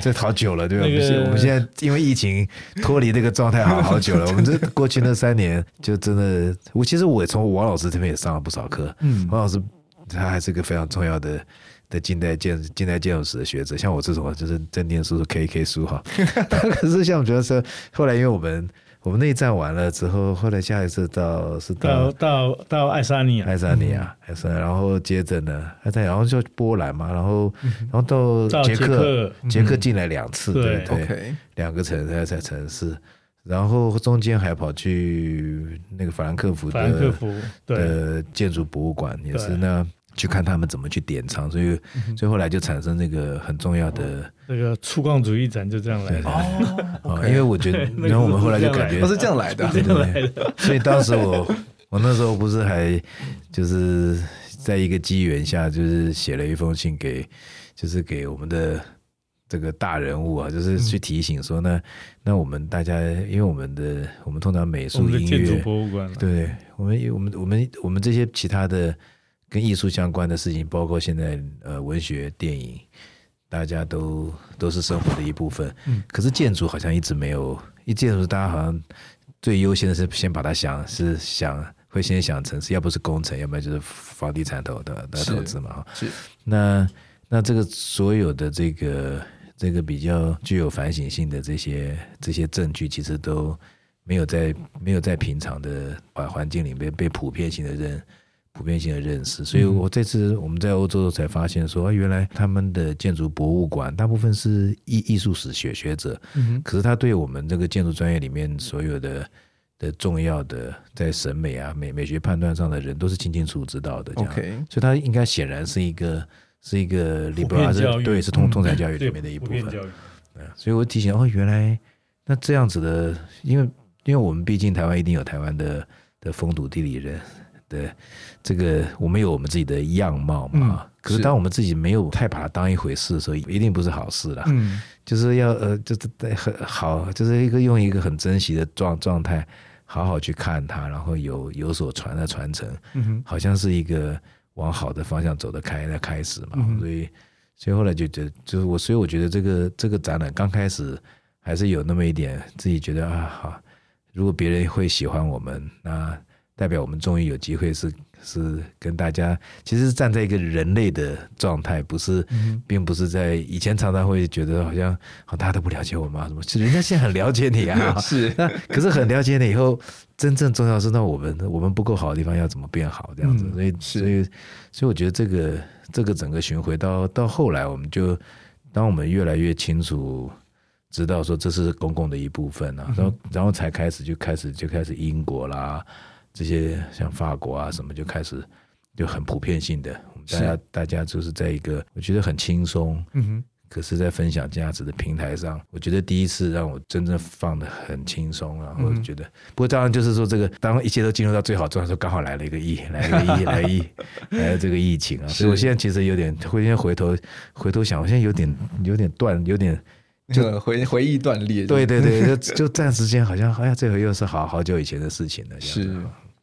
這好久了，對吧？我們現在因為疫情脫離這個狀態好好久了。我們這過去那三年就真的，我其實我也從王老師這邊也上了不少課。嗯，王老師他還是個非常重要的的近代建近代建築史的學者。像我這種就是在念書時 K K 書哈，但可是像我覺得說後來因為我們。我們那一站完了之後，後來下一次到是到到到，到愛沙尼亞，愛沙尼亞，嗯、哼愛沙尼亞，然後接着呢，愛在，然後就波蘭嘛，然後、嗯、哼然後到捷克，捷克進來兩次，嗯、對，對對，兩 okay 個城兩個城市，然後中間還跑去那個法蘭克福的、嗯、法蘭克福的建築博物館，也是那。去看他們怎麼去典藏，所以所以後來就產生那個很重要的那個粗獷主義展，就這樣來哦，因為我覺得，然後我們後來就感覺，不是這樣來的，對，所以當時我，我那時候不是還就是在一個機緣下，就是寫了一封信給，就是給我們的這個大人物啊，就是去提醒說呢，那我們大家，因為我們的我們通常美術音樂博物館，對我們我們我們我們這些其他的。跟藝術相關的事情，包括現在呃文學、電影，大家都都是生活的一部分。嗯，可是建築好像一直沒有一建築，大家好像最優先的是先把它想是想會先想城市，要不是工程，要不然就是房地產投的那投資嘛。是，是那那這個所有的這個這個比較具有反省性的這些這些證據，其實都沒有在沒有在平常的環環境裡面被普遍性的人。普遍性的認識，所以我這次我們在歐洲才發現，說啊，原來他們的建築博物館大部分是藝藝術史學學者，嗯、哼可是他對我們這個建築專業裡面所有的的重要的在審美啊美美學判斷上的人都是清清楚楚知道的這樣。OK，所以他應該顯然是一個是一個是，對，是通通才教育裡面的一部分。嗯嗯、所以我提醒哦，原來那這樣子的，因為因為我們畢竟台灣一定有台灣的的風土地理人。這個，我們有我們自己的樣貌嘛。嗯、可是當我們自己沒有太把它當一回事的時候，一定不是好事了。嗯，就是要呃，就是很好，就是一個用一個很珍惜的狀狀態，好好去看它，然後有有所傳的傳承，嗯、哼好像是一個往好的方向走的開的開始嘛。嗯、哼所以，所以後來就覺就是我，所以我覺得這個這個展覽剛開始還是有那麼一點自己覺得啊，好，如果別人會喜歡我們那。代表我們終於有機會是是跟大家，其實站在一個人類的狀態，不是，並不是在以前常常會覺得好像，好、哦、大家都不了解我嘛，什麼？其實人家現在很了解你啊， 是。可是很了解你以後，真正重要是，那我們我們不夠好的地方要怎麼變好？這樣子，所以所以,是所以，所以我覺得這個這個整個巡回到到後來，我們就當我們越來越清楚，知道說這是公共的一部分啊，然後然後才開始就開始就開始英國啦。這些像法國啊什麼就開始就很普遍性的，大家是大家就是在一個我覺得很輕鬆，嗯哼，可是在分享價值的平台上，嗯、哼我覺得第一次讓我真正放得很輕鬆啊，然後我覺得。嗯、不過當然就是說這個，當一切都進入到最好狀態時候，剛好來了一個疫，來了疫， 疫，來一個疫，來了這個疫情啊，是所以我現在其實有點回，會先回頭回頭想，我現在有點有點斷，有點就、嗯、回回憶斷裂，對對對，就就暫時間好像 哎呀，這回又是好好久以前的事情了，這樣是。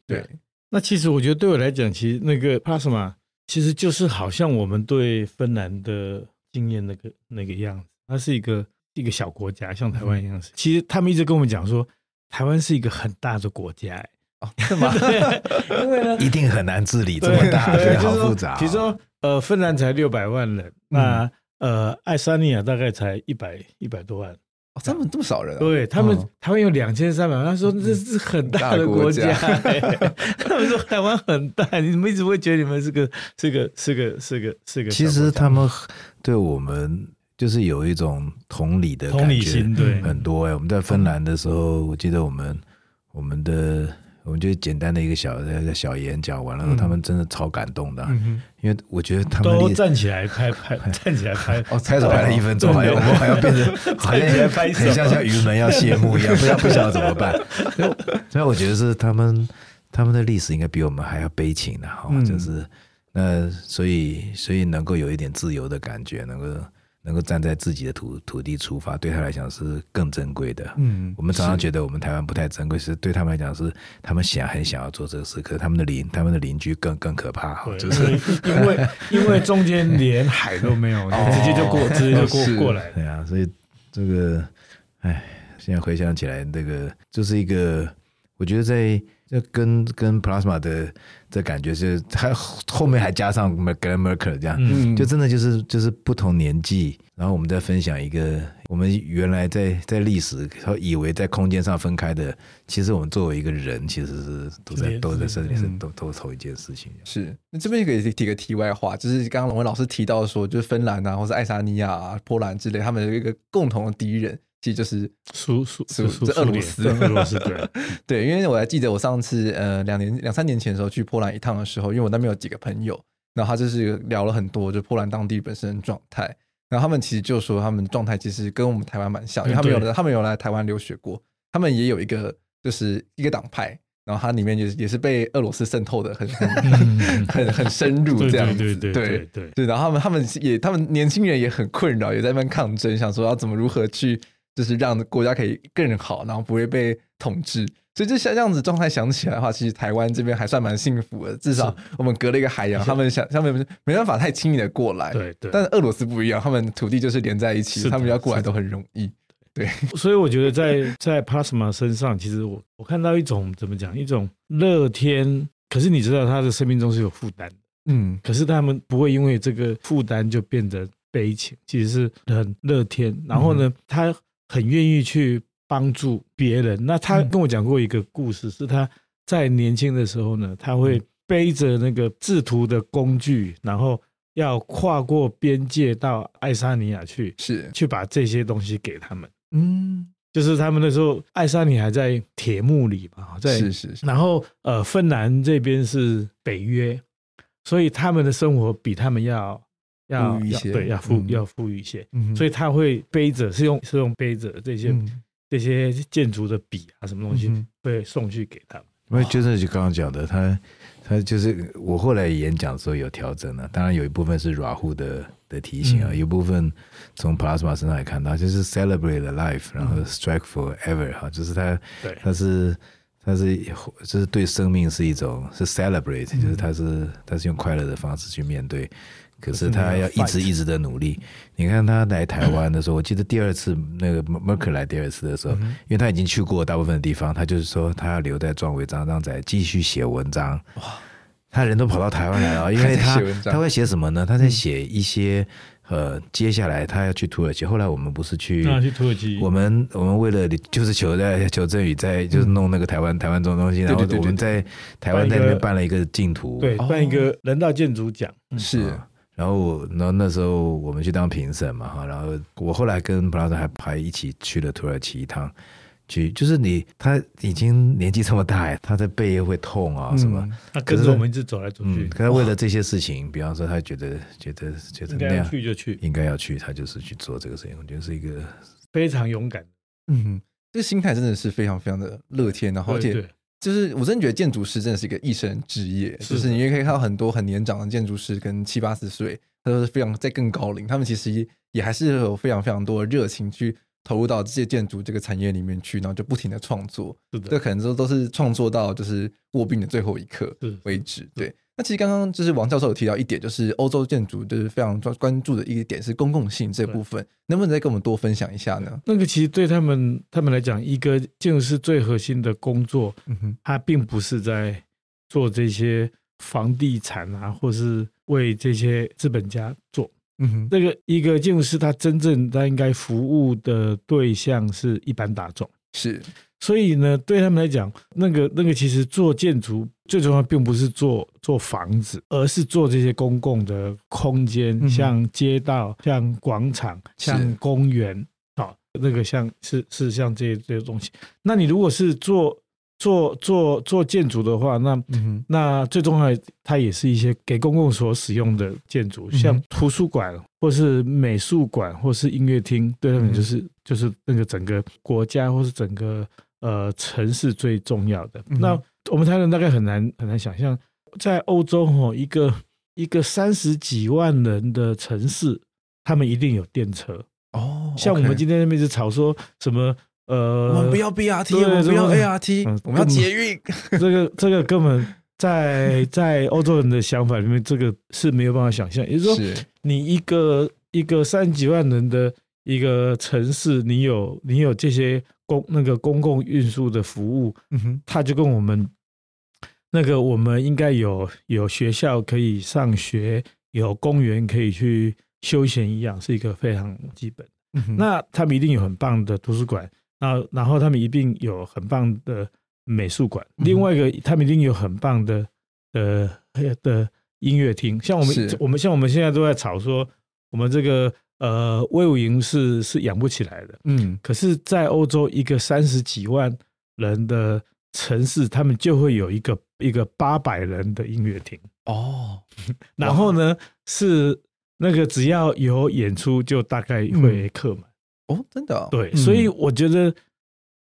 對，那其實我覺得對我來講，其實那個帕拉斯瑪什麼，其實就是好像我們對芬蘭的經驗那個那個樣子，它是一個一個小國家，像台灣一樣。嗯、其實他們一直跟我們講說，台灣是一個很大的國家，哦，是嗎？ 對 因為呢，一定很難治理對這麼大，對好複雜說。其中，呃，芬蘭才六百萬人，那、嗯、呃，愛沙尼亞大概才一百一百多萬。他們這麼少人，啊，對他們，哦，他們有兩千三百萬。他說，這是很大的國家，欸。國家 他們說台灣很大，你怎麼一直會覺得你們是個、是個、是個、是個、是個？其實他們對我們就是有一種同理的感覺，同理心，對，很多哎。我們在芬蘭的時候，我記得我們我們的。我們就簡單的一個小的、小演講完了，嗯、哼他們真的超感動的，嗯、哼因為我覺得他們都站起來開拍，拍，站起來開哦，拍走還了一分鐘，好像我們好像變成對好像在拍，很像像魚門要謝幕一樣，對不曉不曉得怎麼辦。對對對，所以我覺得是他們他們的歷史應該比我們還要悲情的哈、哦，就是、嗯、那所以所以能夠有一點自由的感覺，能夠。能夠站在自己的土土地出發，對他來講是更珍貴的。嗯，我們常常覺得我們台灣不太珍貴，是，是對他們來講是他們想很想要做這個事，可是他們的鄰他們的鄰居更更可怕。對就是因為 因為中間連海都沒有，就直接就過、哦、直接就過、哦、過，過來了呀、啊。所以這個，哎，現在回想起來，那、這個就是一個，我覺得在在跟跟 Pallasmaa 的。這感覺是，還後面還加上 Glenn Murcutt 這樣，嗯，就真的就是就是不同年紀，然後我們再分享一個，我們原來在在歷史，然後以為在空間上分開的，其實我們作為一個人，其實是都在都在這裡，是都都是同斗、嗯、一件事情。是，那這邊也可以提個題外話，就是剛剛龍威老師提到說，就是芬蘭啊，或是愛沙尼亞、啊，波蘭之類，他們有一個共同的敵人。其實就是蘇蘇蘇蘇，這俄羅斯，對 對，因為我還記得我上次呃，兩年兩三年前的時候去波蘭一趟的時候，因為我那邊有幾個朋友，然後他就是聊了很多，就波蘭當地本身狀態，然後他們其實就說他們狀態其實跟我們台灣蠻像，嗯、因為他們有他們有來台灣留學過，他們也有一個就是一個黨派，然後它裡面也也是被俄羅斯滲透的很、嗯、 很很深入這樣，對對對對對，然後他們他們也他們年輕人也很困擾，也在那邊抗爭，想說要怎麼如何去。就是讓國家可以更好，然後不會被統治，所以就像這樣子狀態想起來的話，其實台灣這邊還算蠻幸福的，至少我們隔了一個海洋，的他們想像他們沒辦法太輕易的過來。對對，但是俄羅斯不一樣，他們土地就是連在一起，的他們要過來都很容易。的對，所以我覺得在在 Pallasmaa 身上，其實我我看到一種怎麼講，一種樂天。可是你知道他的生命中是有負擔的，嗯，可是他們不會因為這個負擔就變得悲情，其實是很樂天。然後呢，他、嗯。很願意去幫助別人。那他跟我講過一個故事，嗯、是他在年輕的時候呢，他會背着那個制圖的工具，然後要跨過邊界到愛沙尼亞去，是去把這些東西給他們。嗯，就是他們那時候愛沙尼亞還在鐵幕裡嘛，在，是是是，然後呃芬蘭這邊是北約，所以他們的生活比他們要。富裕一些，對，要富要富裕一些，所以他會背着是用是用背着這些這些建築的筆啊，什麼東西被送去給他。因為就是就剛剛講的，他他就是我後來演講的時候有調整了，當然有一部分是軟護的的提醒啊，有部分從 Pallasmaa 身上也看到，就是 Celebrate the life，然後 Strike forever 哈，就是他他是他是就是對生命是一種是 Celebrate，就是他是他是用快樂的方式去面對。可是他要一直一直的努力。你看他來台灣的時候，我記得第二次那個 Merker 來第二次的時候，因為他已經去過大部分的地方，他就是說他要留在壯文章，讓仔繼續寫文章。哇，他人都跑到台灣來了，因為他他會寫什麼呢？他在寫一些呃，接下來他要去土耳其。A C、後來我們不是去土耳其，我們我們為了就是求在求正宇在就是弄那個台灣台灣這種東西，然後我們在台灣那邊辦了一個淨土，對，辦一個人道建築獎是。然後我，然後那時候我們去當評審嘛哈，然後我後來跟帕拉斯瑪還排一起去了土耳其一趟，去就是你他已經年紀這麼大，他的背會痛啊什麼，可、嗯、他跟着我們一直走來走去。可是，嗯、可是為了這些事情，哇比方說他覺得覺得覺得那樣去就去，應該要去，他就是去做這個事情，我覺得是一個非常勇敢。嗯，這心態真的是非常非常的樂天，然後而且。對對就是，我真的覺得建築師真的是一個一生職業，是的 就是你也可以看到很多很年長的建築師，跟七八十歲，他都是非常在更高齡，他們其實也還是有非常非常多的熱情去投入到這些建築這個產業裡面去，然後就不停的創作，這是的 可能都都是創作到就是臥病的最後一刻為止，是的 對。那其實剛剛就是王教授有提到一點，就是歐洲建築就是非常關關注的一點是公共性這部分，對能不能再跟我們多分享一下呢？那個其實對他們他們來講，一個建築師最核心的工作，嗯哼，他並不是在做這些房地產啊，或是為這些資本家做，嗯哼，那個一個建築師他真正他應該服務的對象是一般大眾，是。所以呢，對他們來講，那個那個其實做建築最重要，並不是做做房子，而是做這些公共的空間，嗯、哼像街道、像廣場、像公園，是好，那個像是是像這些這些東西。那你如果是做做做做建築的話，那、嗯、哼那最重要的，它也是一些給公共所使用的建築，嗯、哼像圖書館，或是美術館，或是音樂廳，對他們就是、嗯、哼就是那個整個國家或是整個。呃，城市最重要的、嗯、哼那，我們台灣人大概很難很難想象，在歐洲哦，一個一個三十幾萬人的城市，他們一定有電車哦。像我們今天那邊就吵說什麼呃，我們不要 BRT，我們不要 ART，麼我們要捷運、嗯。這個這個根本在在歐洲人的想法裡面，這個是沒有辦法想象。也就是說，是你一個一個三十幾萬人的一個城市，你有你有這些。公那個公共運輸的服務，嗯哼，他就跟我們那個我們應該有有學校可以上學，有公園可以去休閒一樣，是一個非常基本。嗯、哼那他們一定有很棒的圖書館，啊，然後他們一定有很棒的美術館。嗯、哼另外一個，他們一定有很棒的呃的，的音樂廳。像我們，是我們像我們現在都在吵說，我們這個。呃，衛武營是是養不起來的，嗯，可是，在歐洲一個三十幾萬人的城市，他們就會有一個一個八百人的音樂廳哦， 然後呢，哇是那個只要有演出就大概會客滿，嗯、對哦，真的，哦，對，嗯，所以我覺得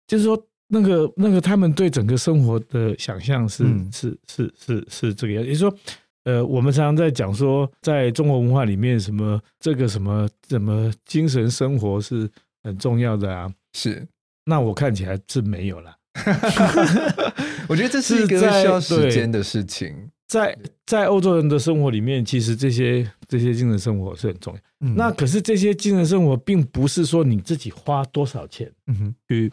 就是說，那個那個他們對整個生活的想象是，嗯，是是是是這個樣子，你說。呃，我們常常在講說，在中國文化裡面，什麼這個什麼怎麼精神生活是很重要的啊。是，那我看起來是沒有啦。 我覺得這是一個需要時間的事情。在在歐洲人的生活裡面，其實這些這些精神生活是很重要。嗯、那可是這些精神生活並不是說你自己花多少錢去，嗯哼，去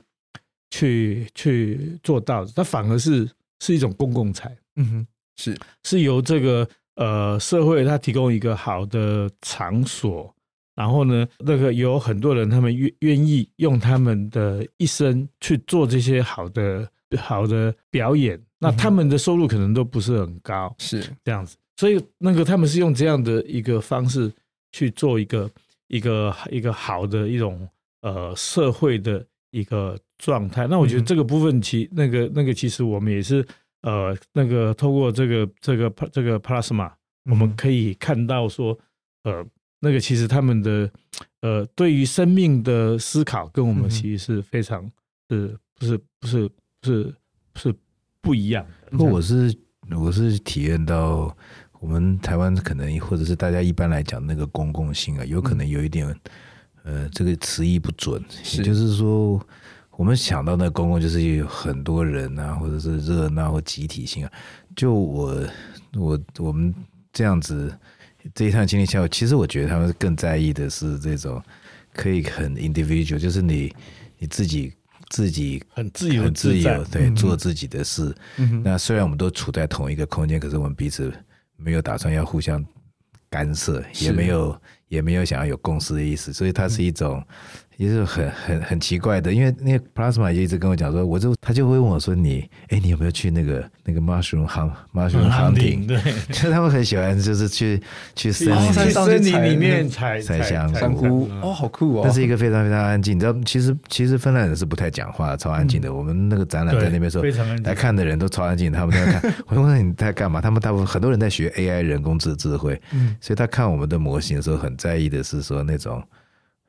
去去做到的，它反而是是一種公共財。嗯哼。是，是由這個呃社會它提供一個好的場所，然後呢，那個有很多人他們願願意用他們的一生去做這些好的好的表演，那他們的收入可能都不是很高，是、嗯、哼這樣子，所以那個他們是用這樣的一個方式去做一個一個一個好的一種呃社會的一個狀態，那我覺得這個部分其、嗯、那個那個其實我們也是。呃，那個透過這個這個這個 Pallasmaa，我們可以看到說，嗯、哼呃，那個其實他們的呃對於生命的思考，跟我們其實是非常、嗯、哼是不是不是不是不是不一樣。那我是我是體驗到，我們台灣可能或者是大家一般來講那個公共性啊，有可能有一點呃這個詞義不準，是也就是說。我們想到的公共就是有很多人啊，或者是熱鬧或集體性啊。就我我我們這樣子這一趟經歷下來，其實我覺得他們是更在意的是這種可以很 individual，就是你你自己自己很自由很自由自在，對，嗯、哼做自己的事。嗯、哼那雖然我們都處在同一個空間，可是我們彼此沒有打算要互相干涉，是也沒有也沒有想要有共識的意思，所以它是一種。嗯也是很很很奇怪的，因為那個 Plasma 也一直跟我講說，我就他就會問我說你：“你哎，你有沒有去那個那個 Mushroom Hunt Mushroom Hunting、嗯嗯、對，其實他們很喜歡，就是去去森林、哦、去森林裡面採採香菇，踩踩哦，好酷哦！那是一個非常非常安靜。你知道，其實其實芬蘭人是不太講話，超安靜的。嗯、我們那個展覽在那邊時候，來看的人都超安靜，他們都在看。 我說：“你在幹嘛？”他們大部分很多人在學 AI 人工智能智慧，嗯、所以他看我們的模型的時候，很在意的是說那種。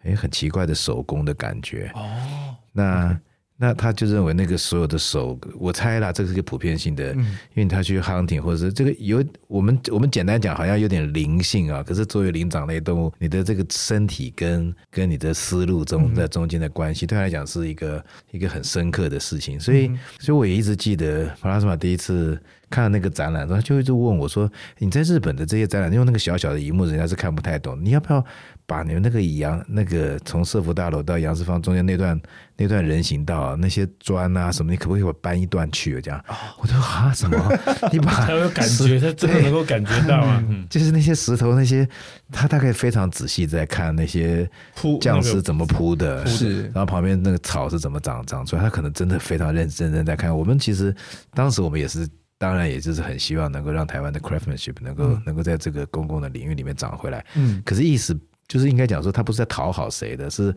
誒，很奇怪的手工的感覺。哦，那那他就認為那個，所有的手，我猜啦，這個、是個普遍性的。因為他去 hunting 或者是這個有我們我們簡單講，好像有點靈性啊。可是作為靈長類動物，你的這個身體跟跟你的思路中在中間的關係，對他來講是一個一個很深刻的事情。所以，所以我也一直記得帕拉斯瑪第一次看到那個展覽之後，他就一直問我說：“你在日本的這些展覽，用那個小小的熒幕，人家是看不太懂，你要不要？”把你們那個楊那個從社福大樓到楊士芳中間那段那段人行道那些磚啊什麼，你可不可以我搬一段去？我講，我說啊，什麼？你把才有感覺，他真的能夠感覺到啊，就是那些石頭，那些他大概非常仔細在看那些鋪匠師怎麼鋪的，是然後旁邊那個草是怎麼長長出來，他可能真的非常認認真真在看。我們其實當時我們也是，當然也就是很希望能夠讓台灣的 craftsmanship 能夠能夠在這個公共的領域裡面長回來。嗯，可是意思。就是應該講說，他不是在討好誰的，是，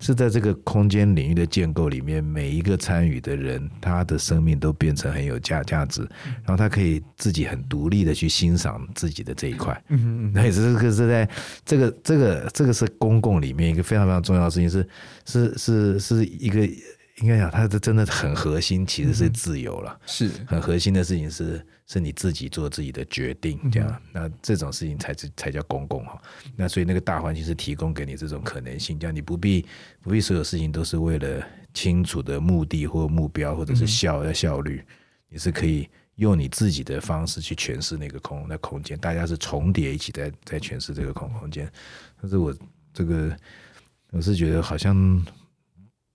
是在這個空間領域的建構裡面，每一個參與的人，他的生命都變成很有價價值，然後他可以自己很獨立的去欣賞自己的這一塊。嗯嗯嗯，那也是這個是在這個這個、這個、這個是公共裡面一個非常非常重要的事情，是是是是一個。應該講，它這真的很核心，其實是自由了，嗯，是，很核心的事情是，是你自己做自己的決定，對這樣，那這種事情才才叫公共哈，那所以那個大環境是提供給你這種可能性，這樣你不必不必所有事情都是為了清楚的目的或目標或者是效，嗯、效率，你是可以用你自己的方式去詮釋那個空那空間，大家是重疊一起在在詮釋這個空，嗯、空間，但是我這個我是覺得好像。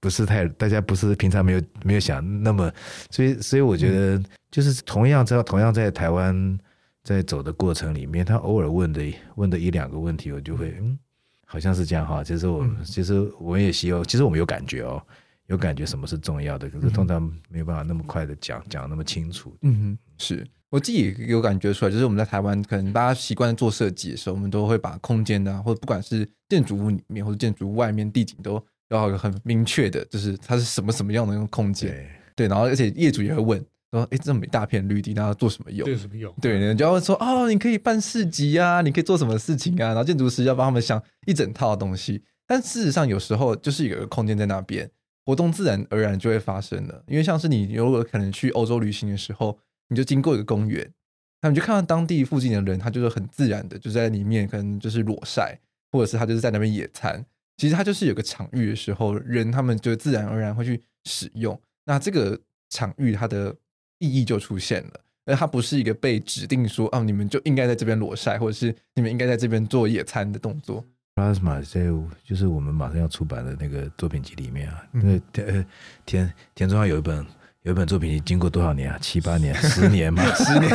不是太大家不是平常沒有沒有想那麼，所以所以我覺得就是同樣在同樣在台灣在走的過程裡面，他偶爾問的問的一兩個問題，我就會嗯，好像是這樣哈，其實我、嗯、其實我也希望其實我們有感覺哦，有感覺什麼是重要的，可是通常沒有辦法那麼快的講、嗯、哼講的那麼清楚。嗯，是我自己有感覺出來，就是我們在台灣可能大家習慣做設計的時候，我們都會把空間吶、啊，或者不管是建築物裡面或者建築物外面地景都。然後很明確的，就是它是什麼什麼樣的那個空間對，對。然後而且業主也會問，說：“哎，這麼一大片綠地，那要做什麼用？做什麼用？”對，人家會說：“哦，你可以辦市集呀、啊，你可以做什麼事情啊？”然後建築師要幫他們想一整套的東西。但事實上，有時候就是一個空間在那邊，活動自然而然就會發生了。因為像是你如果可能去歐洲旅行的時候，你就經過一個公園，那你就看到當地附近的人，他就是很自然的就在裡面，可能就是裸曬，或者是他就是在那邊野餐。其實它就是有個場域的時候，人他們就自然而然會去使用，那這個場域它的意義就出現了，而它不是一個被指定說哦、啊、你們就應該在這邊裸曬，或者是你們應該在這邊做野餐的動作。Pallasmaa 在就是我們馬上要出版的那個作品集裡面啊，那、嗯、田田田中央有一本。有本作品你經過多少年啊？七八年、十年嘛？ 十年，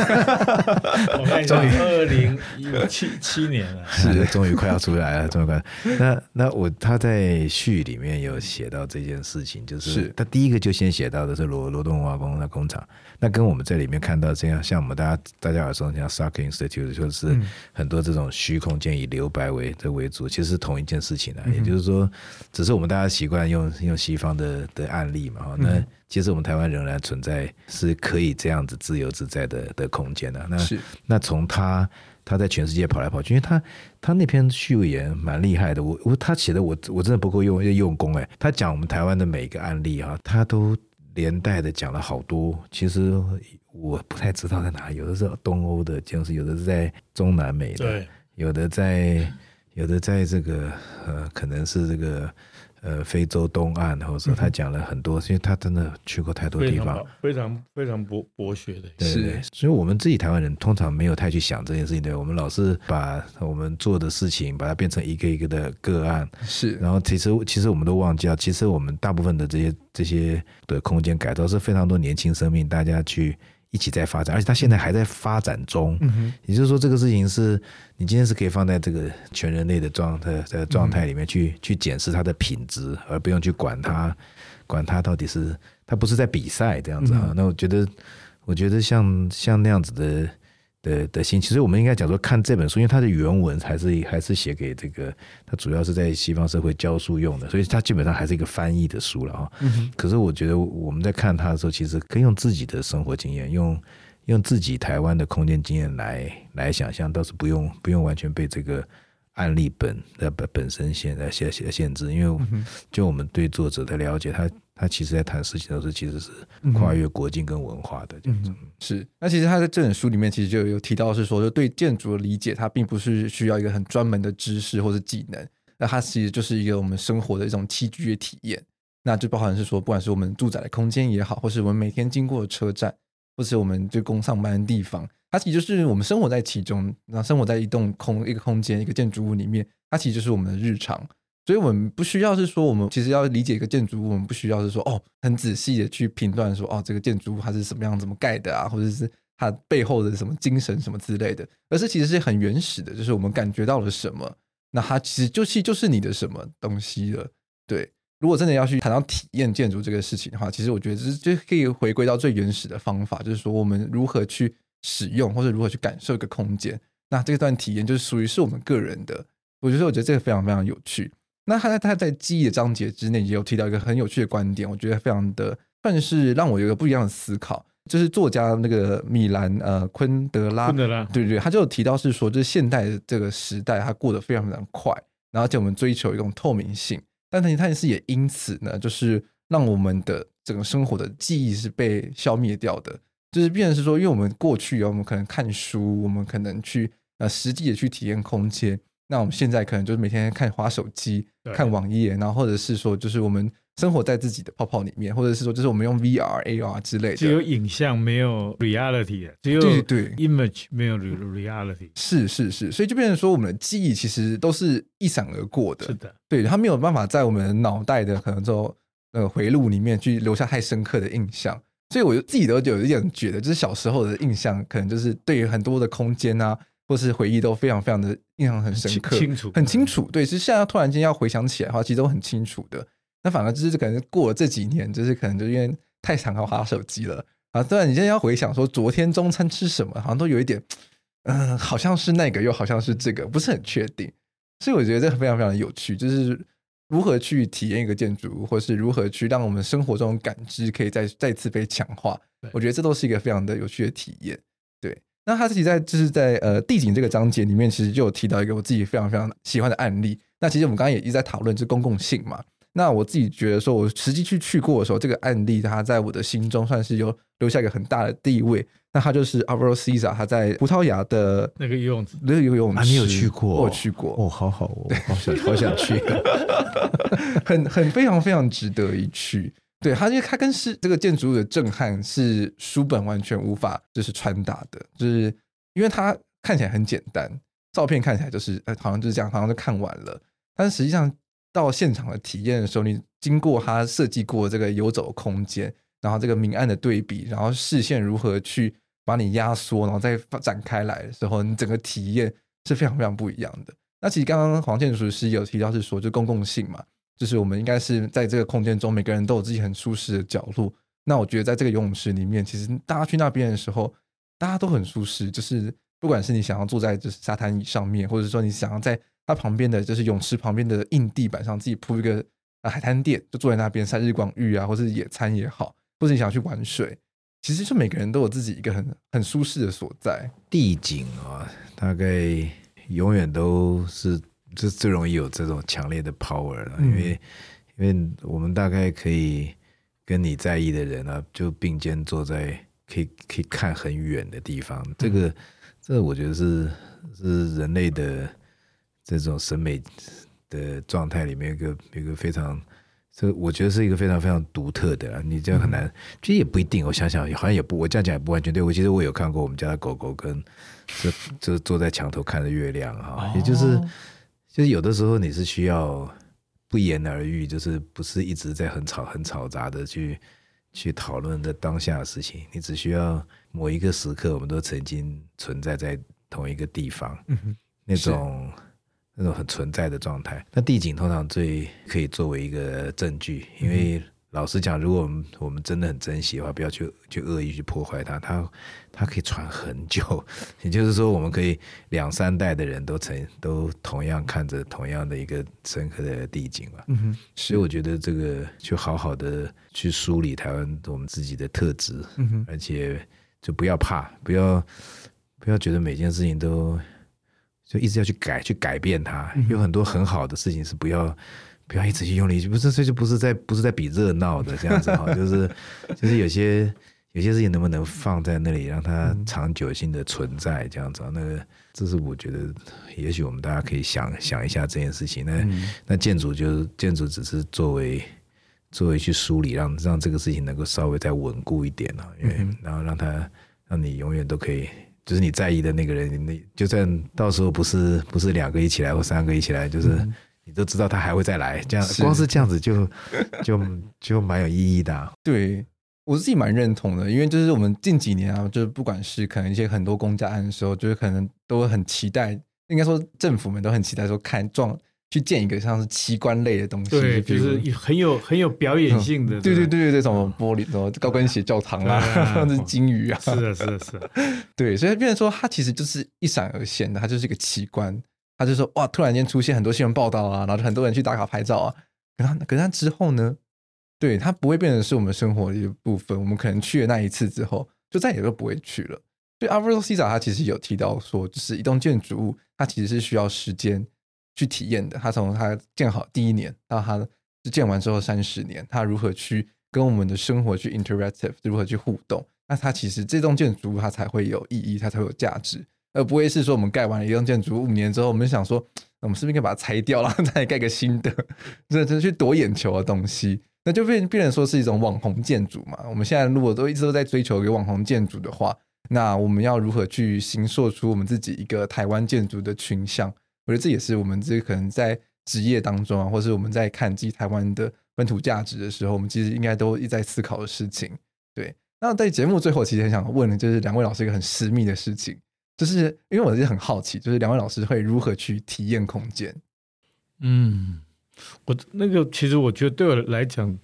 終於二零一七七年了， 是終於 快要出來了，終於 快。那那我他在序裡面有寫到這件事情，就是他第一個就先寫到的是羅，羅東文化工場的工廠，那跟我們在裡面看到這樣，像我們大家大家耳熟能詳 Salk Institute，就是很多這種虛空間以留白為這為主，其實是同一件事情啊，也就是說，只是我們大家習慣用用西方的的案例嘛，那。嗯其實我們台灣仍然存在是可以這樣子自由自在的的空間的，啊。那是那從他他在全世界跑來跑去，因為他他那篇序言蠻厲害的。我我他寫的我我真的不夠用，因為用功哎、欸。他講我們台灣的每一個案例哈、啊，他都連帶的講了好多。其實我不太知道在哪，有的是東歐的，就是有的是在中南美的，對有的在有的在這個呃，可能是這個。呃，非洲東岸，或者說他講了很多，嗯，因為他真的去過太多地方，非常非常,非常博博學的對。對，所以，我們自己台灣人通常沒有太去想這件事情。對，我們老是把我們做的事情把它變成一個一個的個案。是，然後其實其實我們都忘記了，其實我們大部分的這些這些的空間改造是非常多年輕生命大家去。一起在發展，而且它現在還在發展中。嗯、哼也就是說，這個事情是你今天是可以放在這個全人類的狀態的狀態裡面去、嗯、去檢視它的品質，而不用去管它，管它到底是它不是在比賽這樣子啊？嗯、哼那我覺得，我覺得像像那樣子的。呃的心，其實我們應該講說看這本書，因為它的原文還是還是寫給這個，它主要是在西方社會教書用的，所以它基本上還是一個翻譯的書了啊。嗯哼。可是我覺得我們在看它的時候，其實可以用自己的生活經驗，用用自己台灣的空間經驗來來想象，倒是不用不用完全被這個案例本的本本身現在寫限限，限制，因為就我們對作者的了解，他。他其實在談事情的時候，其實是跨越國境跟文化的這種嗯哼。嗯，是。那其實他在這本書裡面，其實就有提到的是說，就對建築的理解，它，並不是需要一個很專門的知識或是技能。那它其實就是一個我們生活的一種器具的體驗。那就包含是說，不管是我們住宅的空間也好，或是我們每天經過的車站，或是我們就工上班的地方，它其實就是我們生活在其中。那生活在一棟空、一個空間一個建築物裡面，它其實就是我們的日常。所以我們不需要是說，我們其實要理解一個建築物，我們不需要是說，哦，很仔細的去評斷說，哦，這個建築物它是什麼樣、怎麼蓋的啊，或者是它背後的什麼精神，什麼之類的。而是其實是很原始的，就是我們感覺到了什麼，那它其實就是就是你的什麼東西了。對，如果真的要去談到體驗建築這個事情的話，其實我覺得就是就可以回歸到最原始的方法，就是說我們如何去使用，或者如何去感受一個空間。那這段體驗就是屬於是我們個人的。我覺得，我覺得這個非常非常有趣。那他在他在記憶的章節之內也有提到一個很有趣的觀點，我覺得非常的算是讓我有一個不一樣的思考，就是作家那個米蘭呃昆德拉。昆德拉對對對，他就有提到是說，就是現代這個時代它過得非常非常快，然後且我們追求一種透明性，但是他也是也因此呢，就是讓我們的整個生活的記憶是被消滅掉的，就是變成是說，因為我們過去啊，我們可能看書，我們可能去啊、呃、實際的去體驗空間。那我們現在可能就是每天看滑手機、看網頁，對然後或者是說，就是我們生活在自己的泡泡裡面，或者是說，就是我們用 VR、AR 之類的，只有影像，沒有 reality，只有對 image，沒有 reality。是是是，所以就變成說，我們的記憶其實都是一閃而過的。是的，對，它沒有辦法在我們腦袋的可能就那個迴路裡面去留下太深刻的印象。所以我就自己都有一點覺得，就是小時候的印象，可能就是對於很多的空間啊。或是回憶都非常非常的印象很深刻，清清楚很清楚，對，其實現在突然間要回想起來的話，其實都很清楚的。那反而就是可能過了這幾年，就是可能就因為太常看他手機了啊。當然、啊，你現在要回想說昨天中餐吃什麼？好像都有一點，嗯、呃，好像是那個，又好像是這個，不是很確定。所以我覺得這非常非常有趣，就是如何去體驗一個建築，或是如何去讓我們生活中的感知可以再再次被強化。我覺得這都是一個非常的有趣的體驗，對。那他自己在就是在呃地景這個章節裡面，其實就有提到一個我自己非常非常喜歡的案例。那其實我們剛剛也一直在討論，就公共性嘛。那我自己覺得，說我實際去去過的時候，這個案例它在我的心中算是有留下一個很大的地位。那它就是 Álvaro Siza 它在葡萄牙的那個游泳池，那個游泳池，啊、你有去過？我去過。哦，好好哦，好想好想去， 很很非常非常值得一去。對，它就，它跟是這個建築物的震撼是書本完全無法就是傳達的，就是因為它看起來很簡單，照片看起來就是，呃，好像就是這樣，好像就看完了。但實際上到現場的體驗的時候，你經過它設計過這個遊走空間，然後這個明暗的對比，然後視線如何去把你壓縮，然後再發展開來的時候，你整個體驗是非常非常不一樣的。那其實剛剛黃建築師有提到是說，就公共性嘛。就是我們應該是在這個空間中，每個人都有自己很舒適的角落。那我覺得，在這個游泳池裡面，其實大家去那邊的時候，大家都很舒適。就是不管是你想要坐在就是沙灘椅上面，或者說你想要在它旁邊的就是泳池旁邊的硬地板上自己鋪一個海灘墊，就坐在那邊曬日光浴啊，或是野餐也好，或者你想要去玩水，其實就是每個人都有自己一個很很舒適的所在。地景啊，大概永遠都是。這是最容易有這種強烈的 power 了，嗯、因為因為我們大概可以跟你在意的人啊，就並肩坐在可以可以看很遠的地方，嗯、這個這個、我覺得是是人類的這種審美的狀態裡面一個一個非常這個、我覺得是一個非常非常獨特的，啊，你這樣很難，嗯、其實也不一定。我想想，好像也不我這樣講也不完全對。我其實我有看過我們家的狗狗跟就就坐在牆頭看的月亮哈、哦，也就是。哦。就是有的時候你是需要不言而喻，就是不是一直在很吵，很吵雜的去去討論這當下的事情。你只需要某一個時刻，我們都曾經存在在同一個地方，嗯、哼那種是那種很存在的狀態。那地景通常最可以作為一個證據，因為，嗯。老實講，如果我們我們真的很珍惜的話，不要去去惡意去破壞它，它它可以傳很久。也就是說，我們可以兩三代的人都成都同樣看着同樣的一個深刻的地景嘛。嗯哼。所以我覺得這個去好好的去梳理台灣我們自己的特質。嗯哼。而且就不要怕，不要不要覺得每件事情都就一直要去改去改變它。嗯哼。有很多很好的事情是不要。不要一直去用力去，不是這就不是在不是在比熱鬧的這樣子哈， 就是就是有些有些事情能不能放在那裡，讓它長久性的存在這樣子啊、嗯？那個、這是我覺得，也許我們大家可以想想一下這件事情。那、嗯、那建築就是建築，只是作為作為去梳理，讓讓這個事情能夠稍微再穩固一點啊，因為、嗯、然後讓它讓你永遠都可以，就是你在意的那個人，那就算到時候不是不是兩個一起來或三個一起來，就是。嗯你都知道他還會再來，這樣光是這樣子就是 就就蠻有意義的、啊。對，我是自己蠻認同的，因為就是我們近幾年啊，就是不管是可能一些很多公家案的時候，就是可能都很期待，應該說政府們都很期待說看撞去建一個像是奇觀類的東西，對，就，就是很有很有表演性的。對對、嗯、對對對，什麼玻璃什麼高跟鞋教堂啦啊，什、啊、金魚啊，啊，是的，是的，是的， 對，所以變成說它其實就是一閃而現的，它就是一個奇觀。他就說：“哇，突然間出現很多新聞報道啊，然後就很多人去打卡拍照啊。可是他可那之後呢？對，他不會變成是我們生活的一部分。我們可能去了那一次之後，就再也都不會去了。所以 Álvaro Siza 他其實有提到說，就是一棟建築物，它其實是需要時間去體驗的。他從他建好第一年到他建完之後三十年，他如何去跟我們的生活去 interactive，如何去互動？那他其實這棟建築物，它才會有意義，它才會有價值。”而不會是說，我們蓋完了一棟建築五年之後，我們就想說，我們是不是應該把它拆掉了，然後再蓋個新的？真的，去奪眼球的東西，那就變變成說是一種網紅建築嘛。我們現在如果都一直都在追求一個網紅建築的話，那我們要如何去形塑出我們自己一個台灣建築的群像？我覺得這也是我們這可能在職業當中啊，或是我們在看自己台灣的本土價值的時候，我們其實應該都一在思考的事情。對，那在節目最後，其實很想問的就是兩位老師一個很私密的事情。就是因為我是很好奇，就是兩位老師會如何去體驗空間。嗯，我那個其實我覺得對我來講，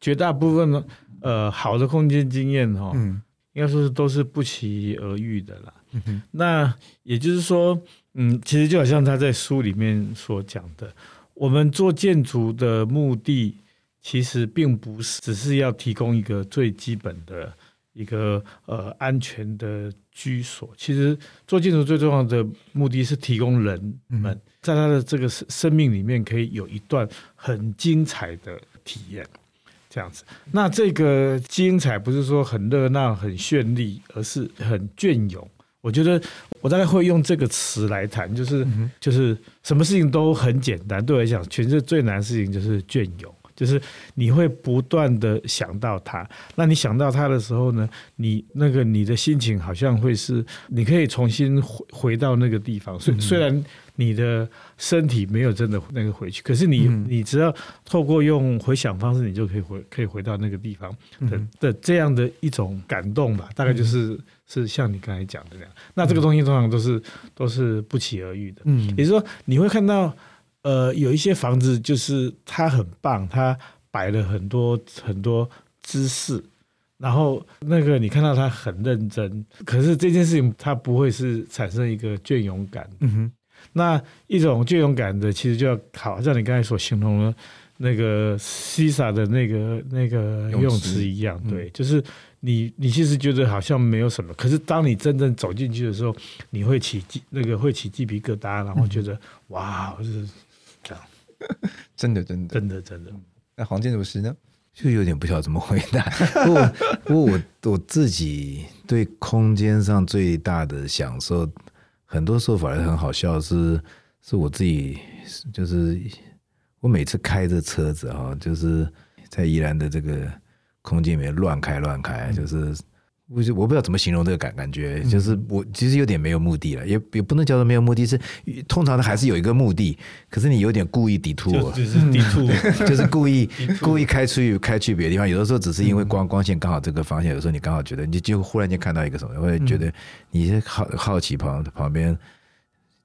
絕大部分的呃好的空間經驗哈、喔，嗯，應該說是都是不期而遇的啦。嗯哼，那也就是說，嗯，其實就好像他在書裡面所講的，我們做建築的目的，其實並不是只是要提供一個最基本的一個呃安全的，居所，其實做建築最重要的目的是提供人們在他的這個生命裡面可以有一段很精彩的體驗，這樣子。那這個精彩不是說很熱鬧、很絢麗，而是很雋永。我覺得我大概會用這個詞來談，就是、嗯、哼就是什麼事情都很簡單，對我來講，全世界最難的事情就是雋永。就是你會不斷的想到他，那你想到他的時候呢？你那個你的心情好像會是，你可以重新回回到那個地方。雖、嗯、雖然你的身體沒有真的那個回去，可是你、嗯、你只要透過用回想方式，你就可以回可以回到那個地方的、嗯、的對這樣的一種感動吧。大概就是、嗯、是像你剛才講的那樣。那這個東西通常都是、嗯、都是不期而遇的。嗯，也就是說你會看到。呃，有一些房子就是它很棒，它擺了很多很多姿勢，然後那個你看到它很認真，可是這件事情它不會是產生一個雋永感。嗯、哼那一種雋永感的其實就要考，像你剛才所形容的，那的、那個，那個西薩的那個那個游泳池一樣，試嗯、對，就是你你其實覺得好像沒有什麼，可是當你真正走進去的時候，你會起那個會起雞皮疙瘩，然後覺得、嗯、哼哇是。 真的真的，真的，真的，真的，真的。那黃建築師呢？就有點不曉得怎麼回答。 不過我不過我，我自己對空間上最大的享受，很多說法也很好笑是，是是我自己，就是我每次開着車子哈，就是在宜蘭的這個空間裡面亂開亂開，嗯、就是。我我不知道怎麼形容這個感感覺，嗯、就是我其實有點沒有目的了，也也不能叫做沒有目的，是通常的還是有一個目的，可是你有點故意 detour，嗯，就是 detour， 就是故意 故意開出去開去別的地方，有的時候只是因為光、嗯、光線剛好這個方向，有時候你剛好覺得你就忽然間看到一個什麼，會覺得你是好好奇旁旁邊，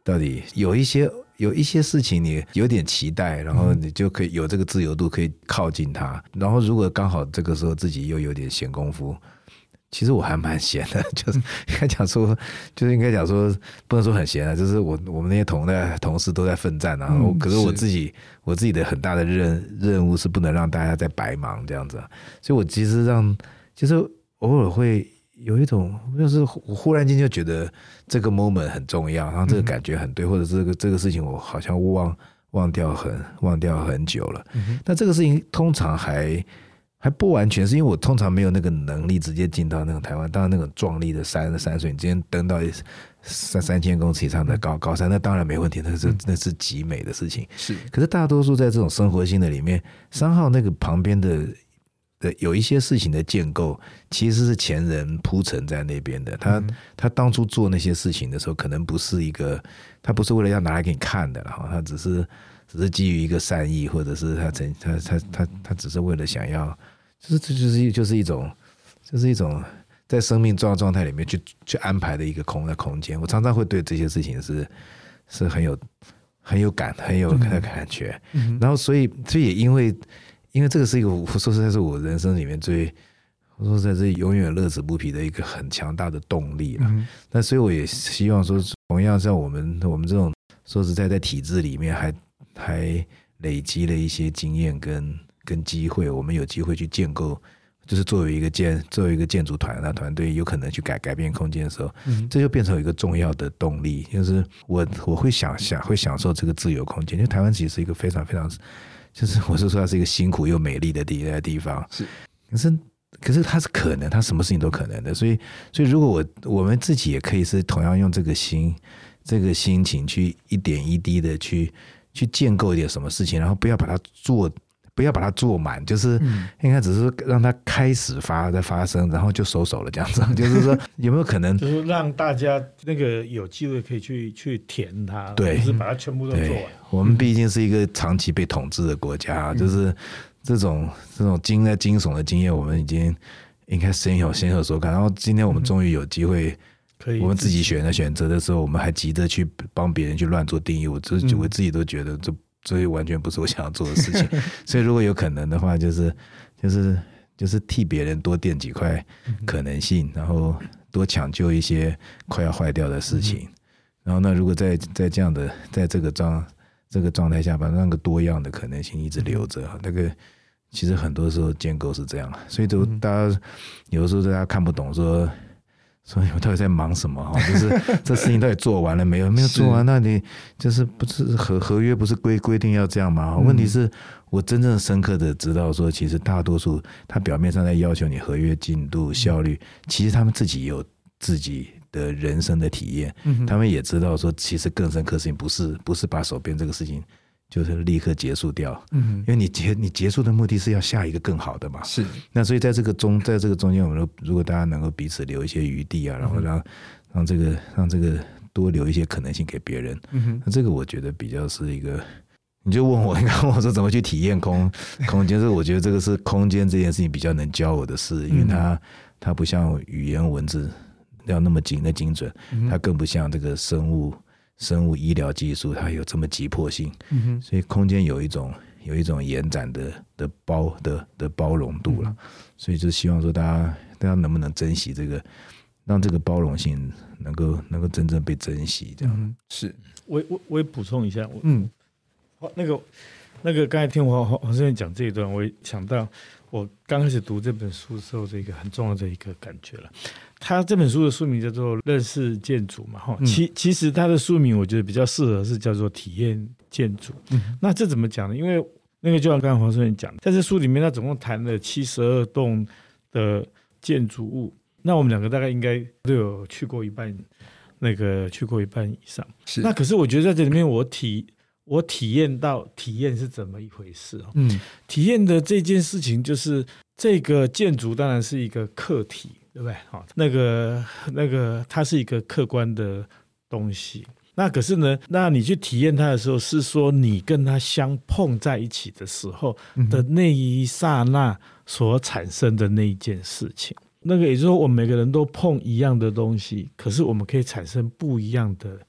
到底有一些有一些事情你有點期待，然後你就可以有這個自由度可以靠近它，嗯、然後如果剛好這個時候自己又有點閒工夫。其實我還蠻閒的，就是嗯、就是應該講說，就是應該講說，不能說很閒啊。就是我我們那些同在同事都在奮戰、啊嗯、然後可是我自己，是我自己的很大的任任務是不能讓大家在白忙這樣子、啊。所以我其實讓，其實偶爾會有一種，就是我忽然間就覺得這個 moment 很重要，然後這個感覺很對，嗯、或者這個這個事情我好像忘忘掉很忘掉很久了。嗯、哼那這個事情通常還。還不完全是因為我通常沒有那個能力直接進到那個台灣，當然那個壯麗的山的山水，你直接登到三三千公尺以上的高、嗯、高山，那當然沒問題，那是那是極美的事情。是，可是大多數在這種生活性的裡面，三號那個旁邊的的、嗯、有一些事情的建構，其實是前人鋪陳在那邊的。他他當初做那些事情的時候，可能不是一個他不是為了要拿來給你看的，然後他只是只是基於一個善意，或者是他曾他他他他只是為了想要。就是這、就是、就是一就是一種，就是一種在生命狀狀態裡面去去安排的一個空的空間。我常常會對這些事情是是很有很有感很有感覺。嗯、哼然後所，所以這也因為因為這個是一個，我說實在，是我人生裡面最我說實在，是永遠樂此不疲的一個很強大的動力了。那、嗯、哼所以我也希望說，同樣像我們我們這種說實在，在體制裡面還還累積了一些經驗跟。跟機會，我們有機會去建構，就是作為一個建作為一個建築團的、那個、團隊，有可能去改改變空間的時候，嗯、哼這就變成一個重要的動力。就是我我會想想會享受這個自由空間，因為台灣其實是一個非常非常，就是我是說它是一個辛苦又美麗的地地方，是。可是可是它是可能，它什麼事情都可能的。所以所以如果我我們自己也可以是同樣用這個心這個心情去一點一滴的去去建構一點什麼事情，然後不要把它做。不要把它做滿，就是應該只是讓它開始發再發生，然後就收手了。這樣子，嗯、就是說有沒有可能，就是讓大家那個有機會可以去去填它，對，是把它全部都做完。我們畢竟是一個長期被統治的國家，嗯、就是這種這種驚在驚悚的經驗，我們已經應該深有深有所感。然後今天我們終於有機會，嗯、可以我們自己選的選擇的時候，我們還急着去幫別人去亂做定義。我就我自己都覺得這。嗯所以完全不是我想要做的事情， 所以如果有可能的話，就是，就是就是就是替別人多墊幾塊可能性，嗯嗯然後多搶救一些快要壞掉的事情，嗯嗯然後那如果在在這樣的在這個狀這個狀態下，把那個多樣的可能性一直留着，嗯嗯那個其實很多時候建構是這樣，所以都大家有的時候大家看不懂說。所以，我到底在忙什麼？哈，就是這事情到底做完了沒有？ 沒有做完，是那你就是不是合合約不是規規定要這樣嗎？嗯、問題是我真正深刻的知道，說其實大多數他表面上在要求你合約進度效率，嗯、其實他們自己有自己的人生的體驗，嗯、哼他們也知道說，其實更深刻的事情不是不是把手邊這個事情。就是立刻結束掉，嗯、哼因為你結你結束的目的是要下一個更好的嘛。是那所以在這個中在這個中間，我們說如果大家能夠彼此留一些餘地啊，嗯、哼然後讓讓這個讓這個多留一些可能性給別人。嗯、哼那這個我覺得比較是一個，你就問我，你剛問我說怎麼去體驗空空間？是 我覺得這個是空間這件事情比較能教我的事，嗯、哼因為它它不像語言文字要那麼緊、的精準，它更不像這個生物。生物醫療技術，它有這麼急迫性，嗯、哼所以空間有一種有一種延展的的包的的包容度了，嗯啊、所以就希望說，大家大家能不能珍惜這個，讓這個包容性能夠能夠，能夠真正被珍惜，這樣、嗯、是。我我我也補充一下，我嗯，好，那個那個剛才聽我王先生講這一段，我也想到。我剛開始讀這本書的時候，這一個很重要的一個感覺了。他這本書的書名叫做《認識建築》嘛，哦，嗯，哈。其其實他的書名我覺得比較適合是叫做《體驗建築》，嗯。那這怎麼講呢？因為那個就像剛剛黃聲遠講，在這書裡面，他總共談了七十二棟的建築物。那我們兩個大概應該都有去過一半，那個去過一半以上。是。那可是我覺得在這裡面，我體。我體驗到體驗是怎麼一回事哦？嗯，體驗的這件事情就是這個建築，當然是一個客體，對不對？好、哦，那個那個，它是一個客觀的東西。那可是呢，那你去體驗它的時候，是說你跟它相碰在一起的時候的那一剎那所產生的那一件事情。嗯、哼那個也就是說，我們每個人都碰一樣的東西，可是我們可以產生不一樣的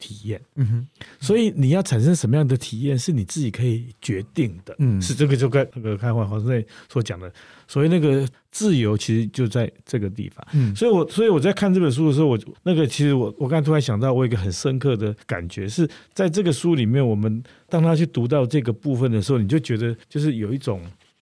體驗，嗯哼，所以你要產生什麼樣的體驗是你自己可以決定的，嗯，是這個就跟那個開懷黃生所講的，所謂那個自由其實就在這個地方，嗯，所以我所以我在看這本書的時候，我那個其實我我剛才突然想到，我有一個很深刻的感覺是，在這個書裡面，我們當他去讀到這個部分的時候，你就覺得就是有一種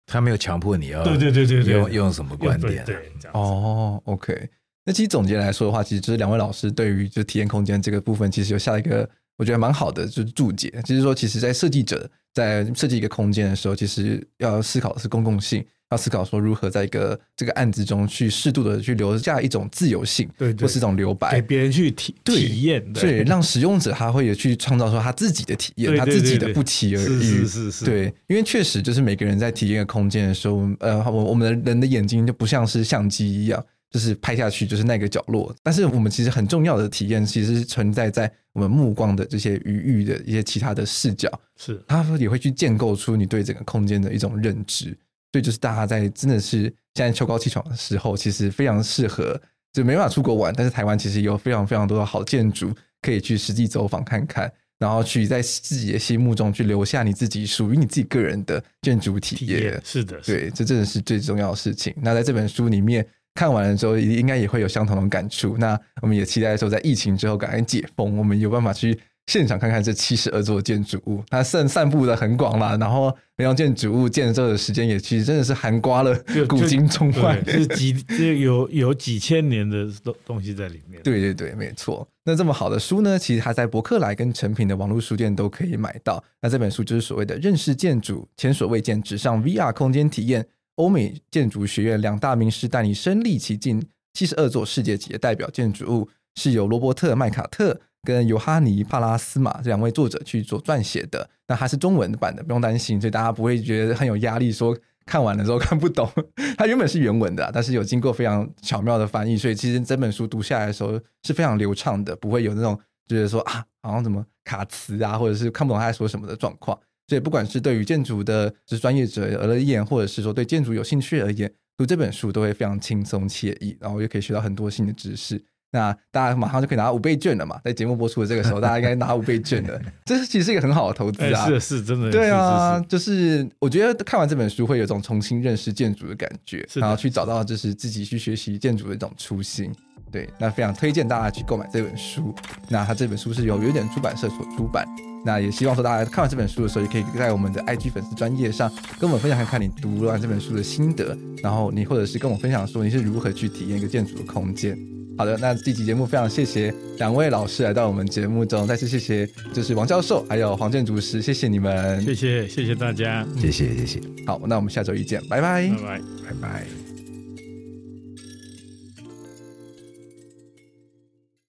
他沒有強迫你要，對，對對對對，用用什麼觀點，對，對，對，哦、oh,，OK。那其實總結來說的話，其實就是兩位老師對於就體驗空間這個部分，其實有下一個我覺得蠻好的就是注解。就是說，其實在設計者在設計一個空間的時候，其實要思考的是公共性，要思考說如何在一個這個案子中去適度的去留下一種自由性，對，對，對，或是種留白，給別人去體對體驗，對，對，讓使用者他會有去創造出他自己的體驗，對對對對他自己的不期而遇。是，是是是，對，因為確實就是每個人在體驗一個空間的時候，呃，我我們的人的眼睛就不像是相機一樣。就是拍下去，就是那個角落。但是我們其實很重要的體驗，其實是存在在我們目光的這些餘域的一些其他的視角，是它也會去建構出你對整個空間的一種認知。所以，就是大家在真的是現在秋高氣爽的時候，其實非常適合。就沒辦法出國玩，但是台灣其實有非常非常多的好建築可以去實際走訪看看，然後去在自己的心目中去留下你自己屬於你自己個人的建築體驗。是的，是的對，這真的是最重要的事情。那在這本書裡面。看完了之後，應該也會有相同的感觸。那我們也期待說，在疫情之後趕快解封，我們有辦法去現場看看這七十二座建築物。它散散步的很廣嘛、啊，然後每樣建築物建造的時間也其實真的是含括了，古今中外是幾有有幾千年的東西在裡面。對對對，沒錯。那這麼好的書呢，其實還在博客來跟誠品的網絡書店都可以買到。那這本書就是所謂的《認識建築》，前所未見，紙上 VR 空間體驗。歐美建築學院兩大名師帶你身歷其境，七十二座世界級的代表建築物是由羅伯特·麥卡特跟尤哈尼·帕拉斯瑪這兩位作者去做撰寫的。那它是中文版的，不用擔心，所以大家不會覺得很有壓力，說看完了之後看不懂。 它原本是原文的、啊，但是有經過非常巧妙的翻譯，所以其實整本書讀下來的時候是非常流暢的，不會有那種就是說啊，好像怎麼卡詞啊，或者是看不懂他在說什麼的狀況。所以不管是對於建築的，就是專業者而言，或者是說對建築有興趣而言，讀這本書都會非常輕鬆愜意，然後又可以學到很多新的知識。那大家馬上就可以拿五倍券了嘛，在節目播出的這個時候，大家應該拿五倍券的， 這是其實是一個很好的投資啊。是是，真的。對啊，就是我覺得看完這本書會有一種重新認識建築的感覺，然後去找到就是自己去學習建築的一種初心。對，那非常推薦大家去購買這本書。那它這本書是由原點出版社所出版。那也希望說，大家看完這本書的時候，也可以在我們的 IG 粉絲專頁上跟我們分享一下，看你讀完這本書的心得，然後你或者是跟我分享說，你是如何去體驗一個建築的空間。好的，那這期節目非常謝謝兩位老師來到我們節目中，再次謝謝，就是王教授還有黃建築師，謝謝你們，謝謝謝謝大家，謝謝、嗯、謝謝。謝謝好，那我們下週一見，拜拜拜拜拜拜。拜拜。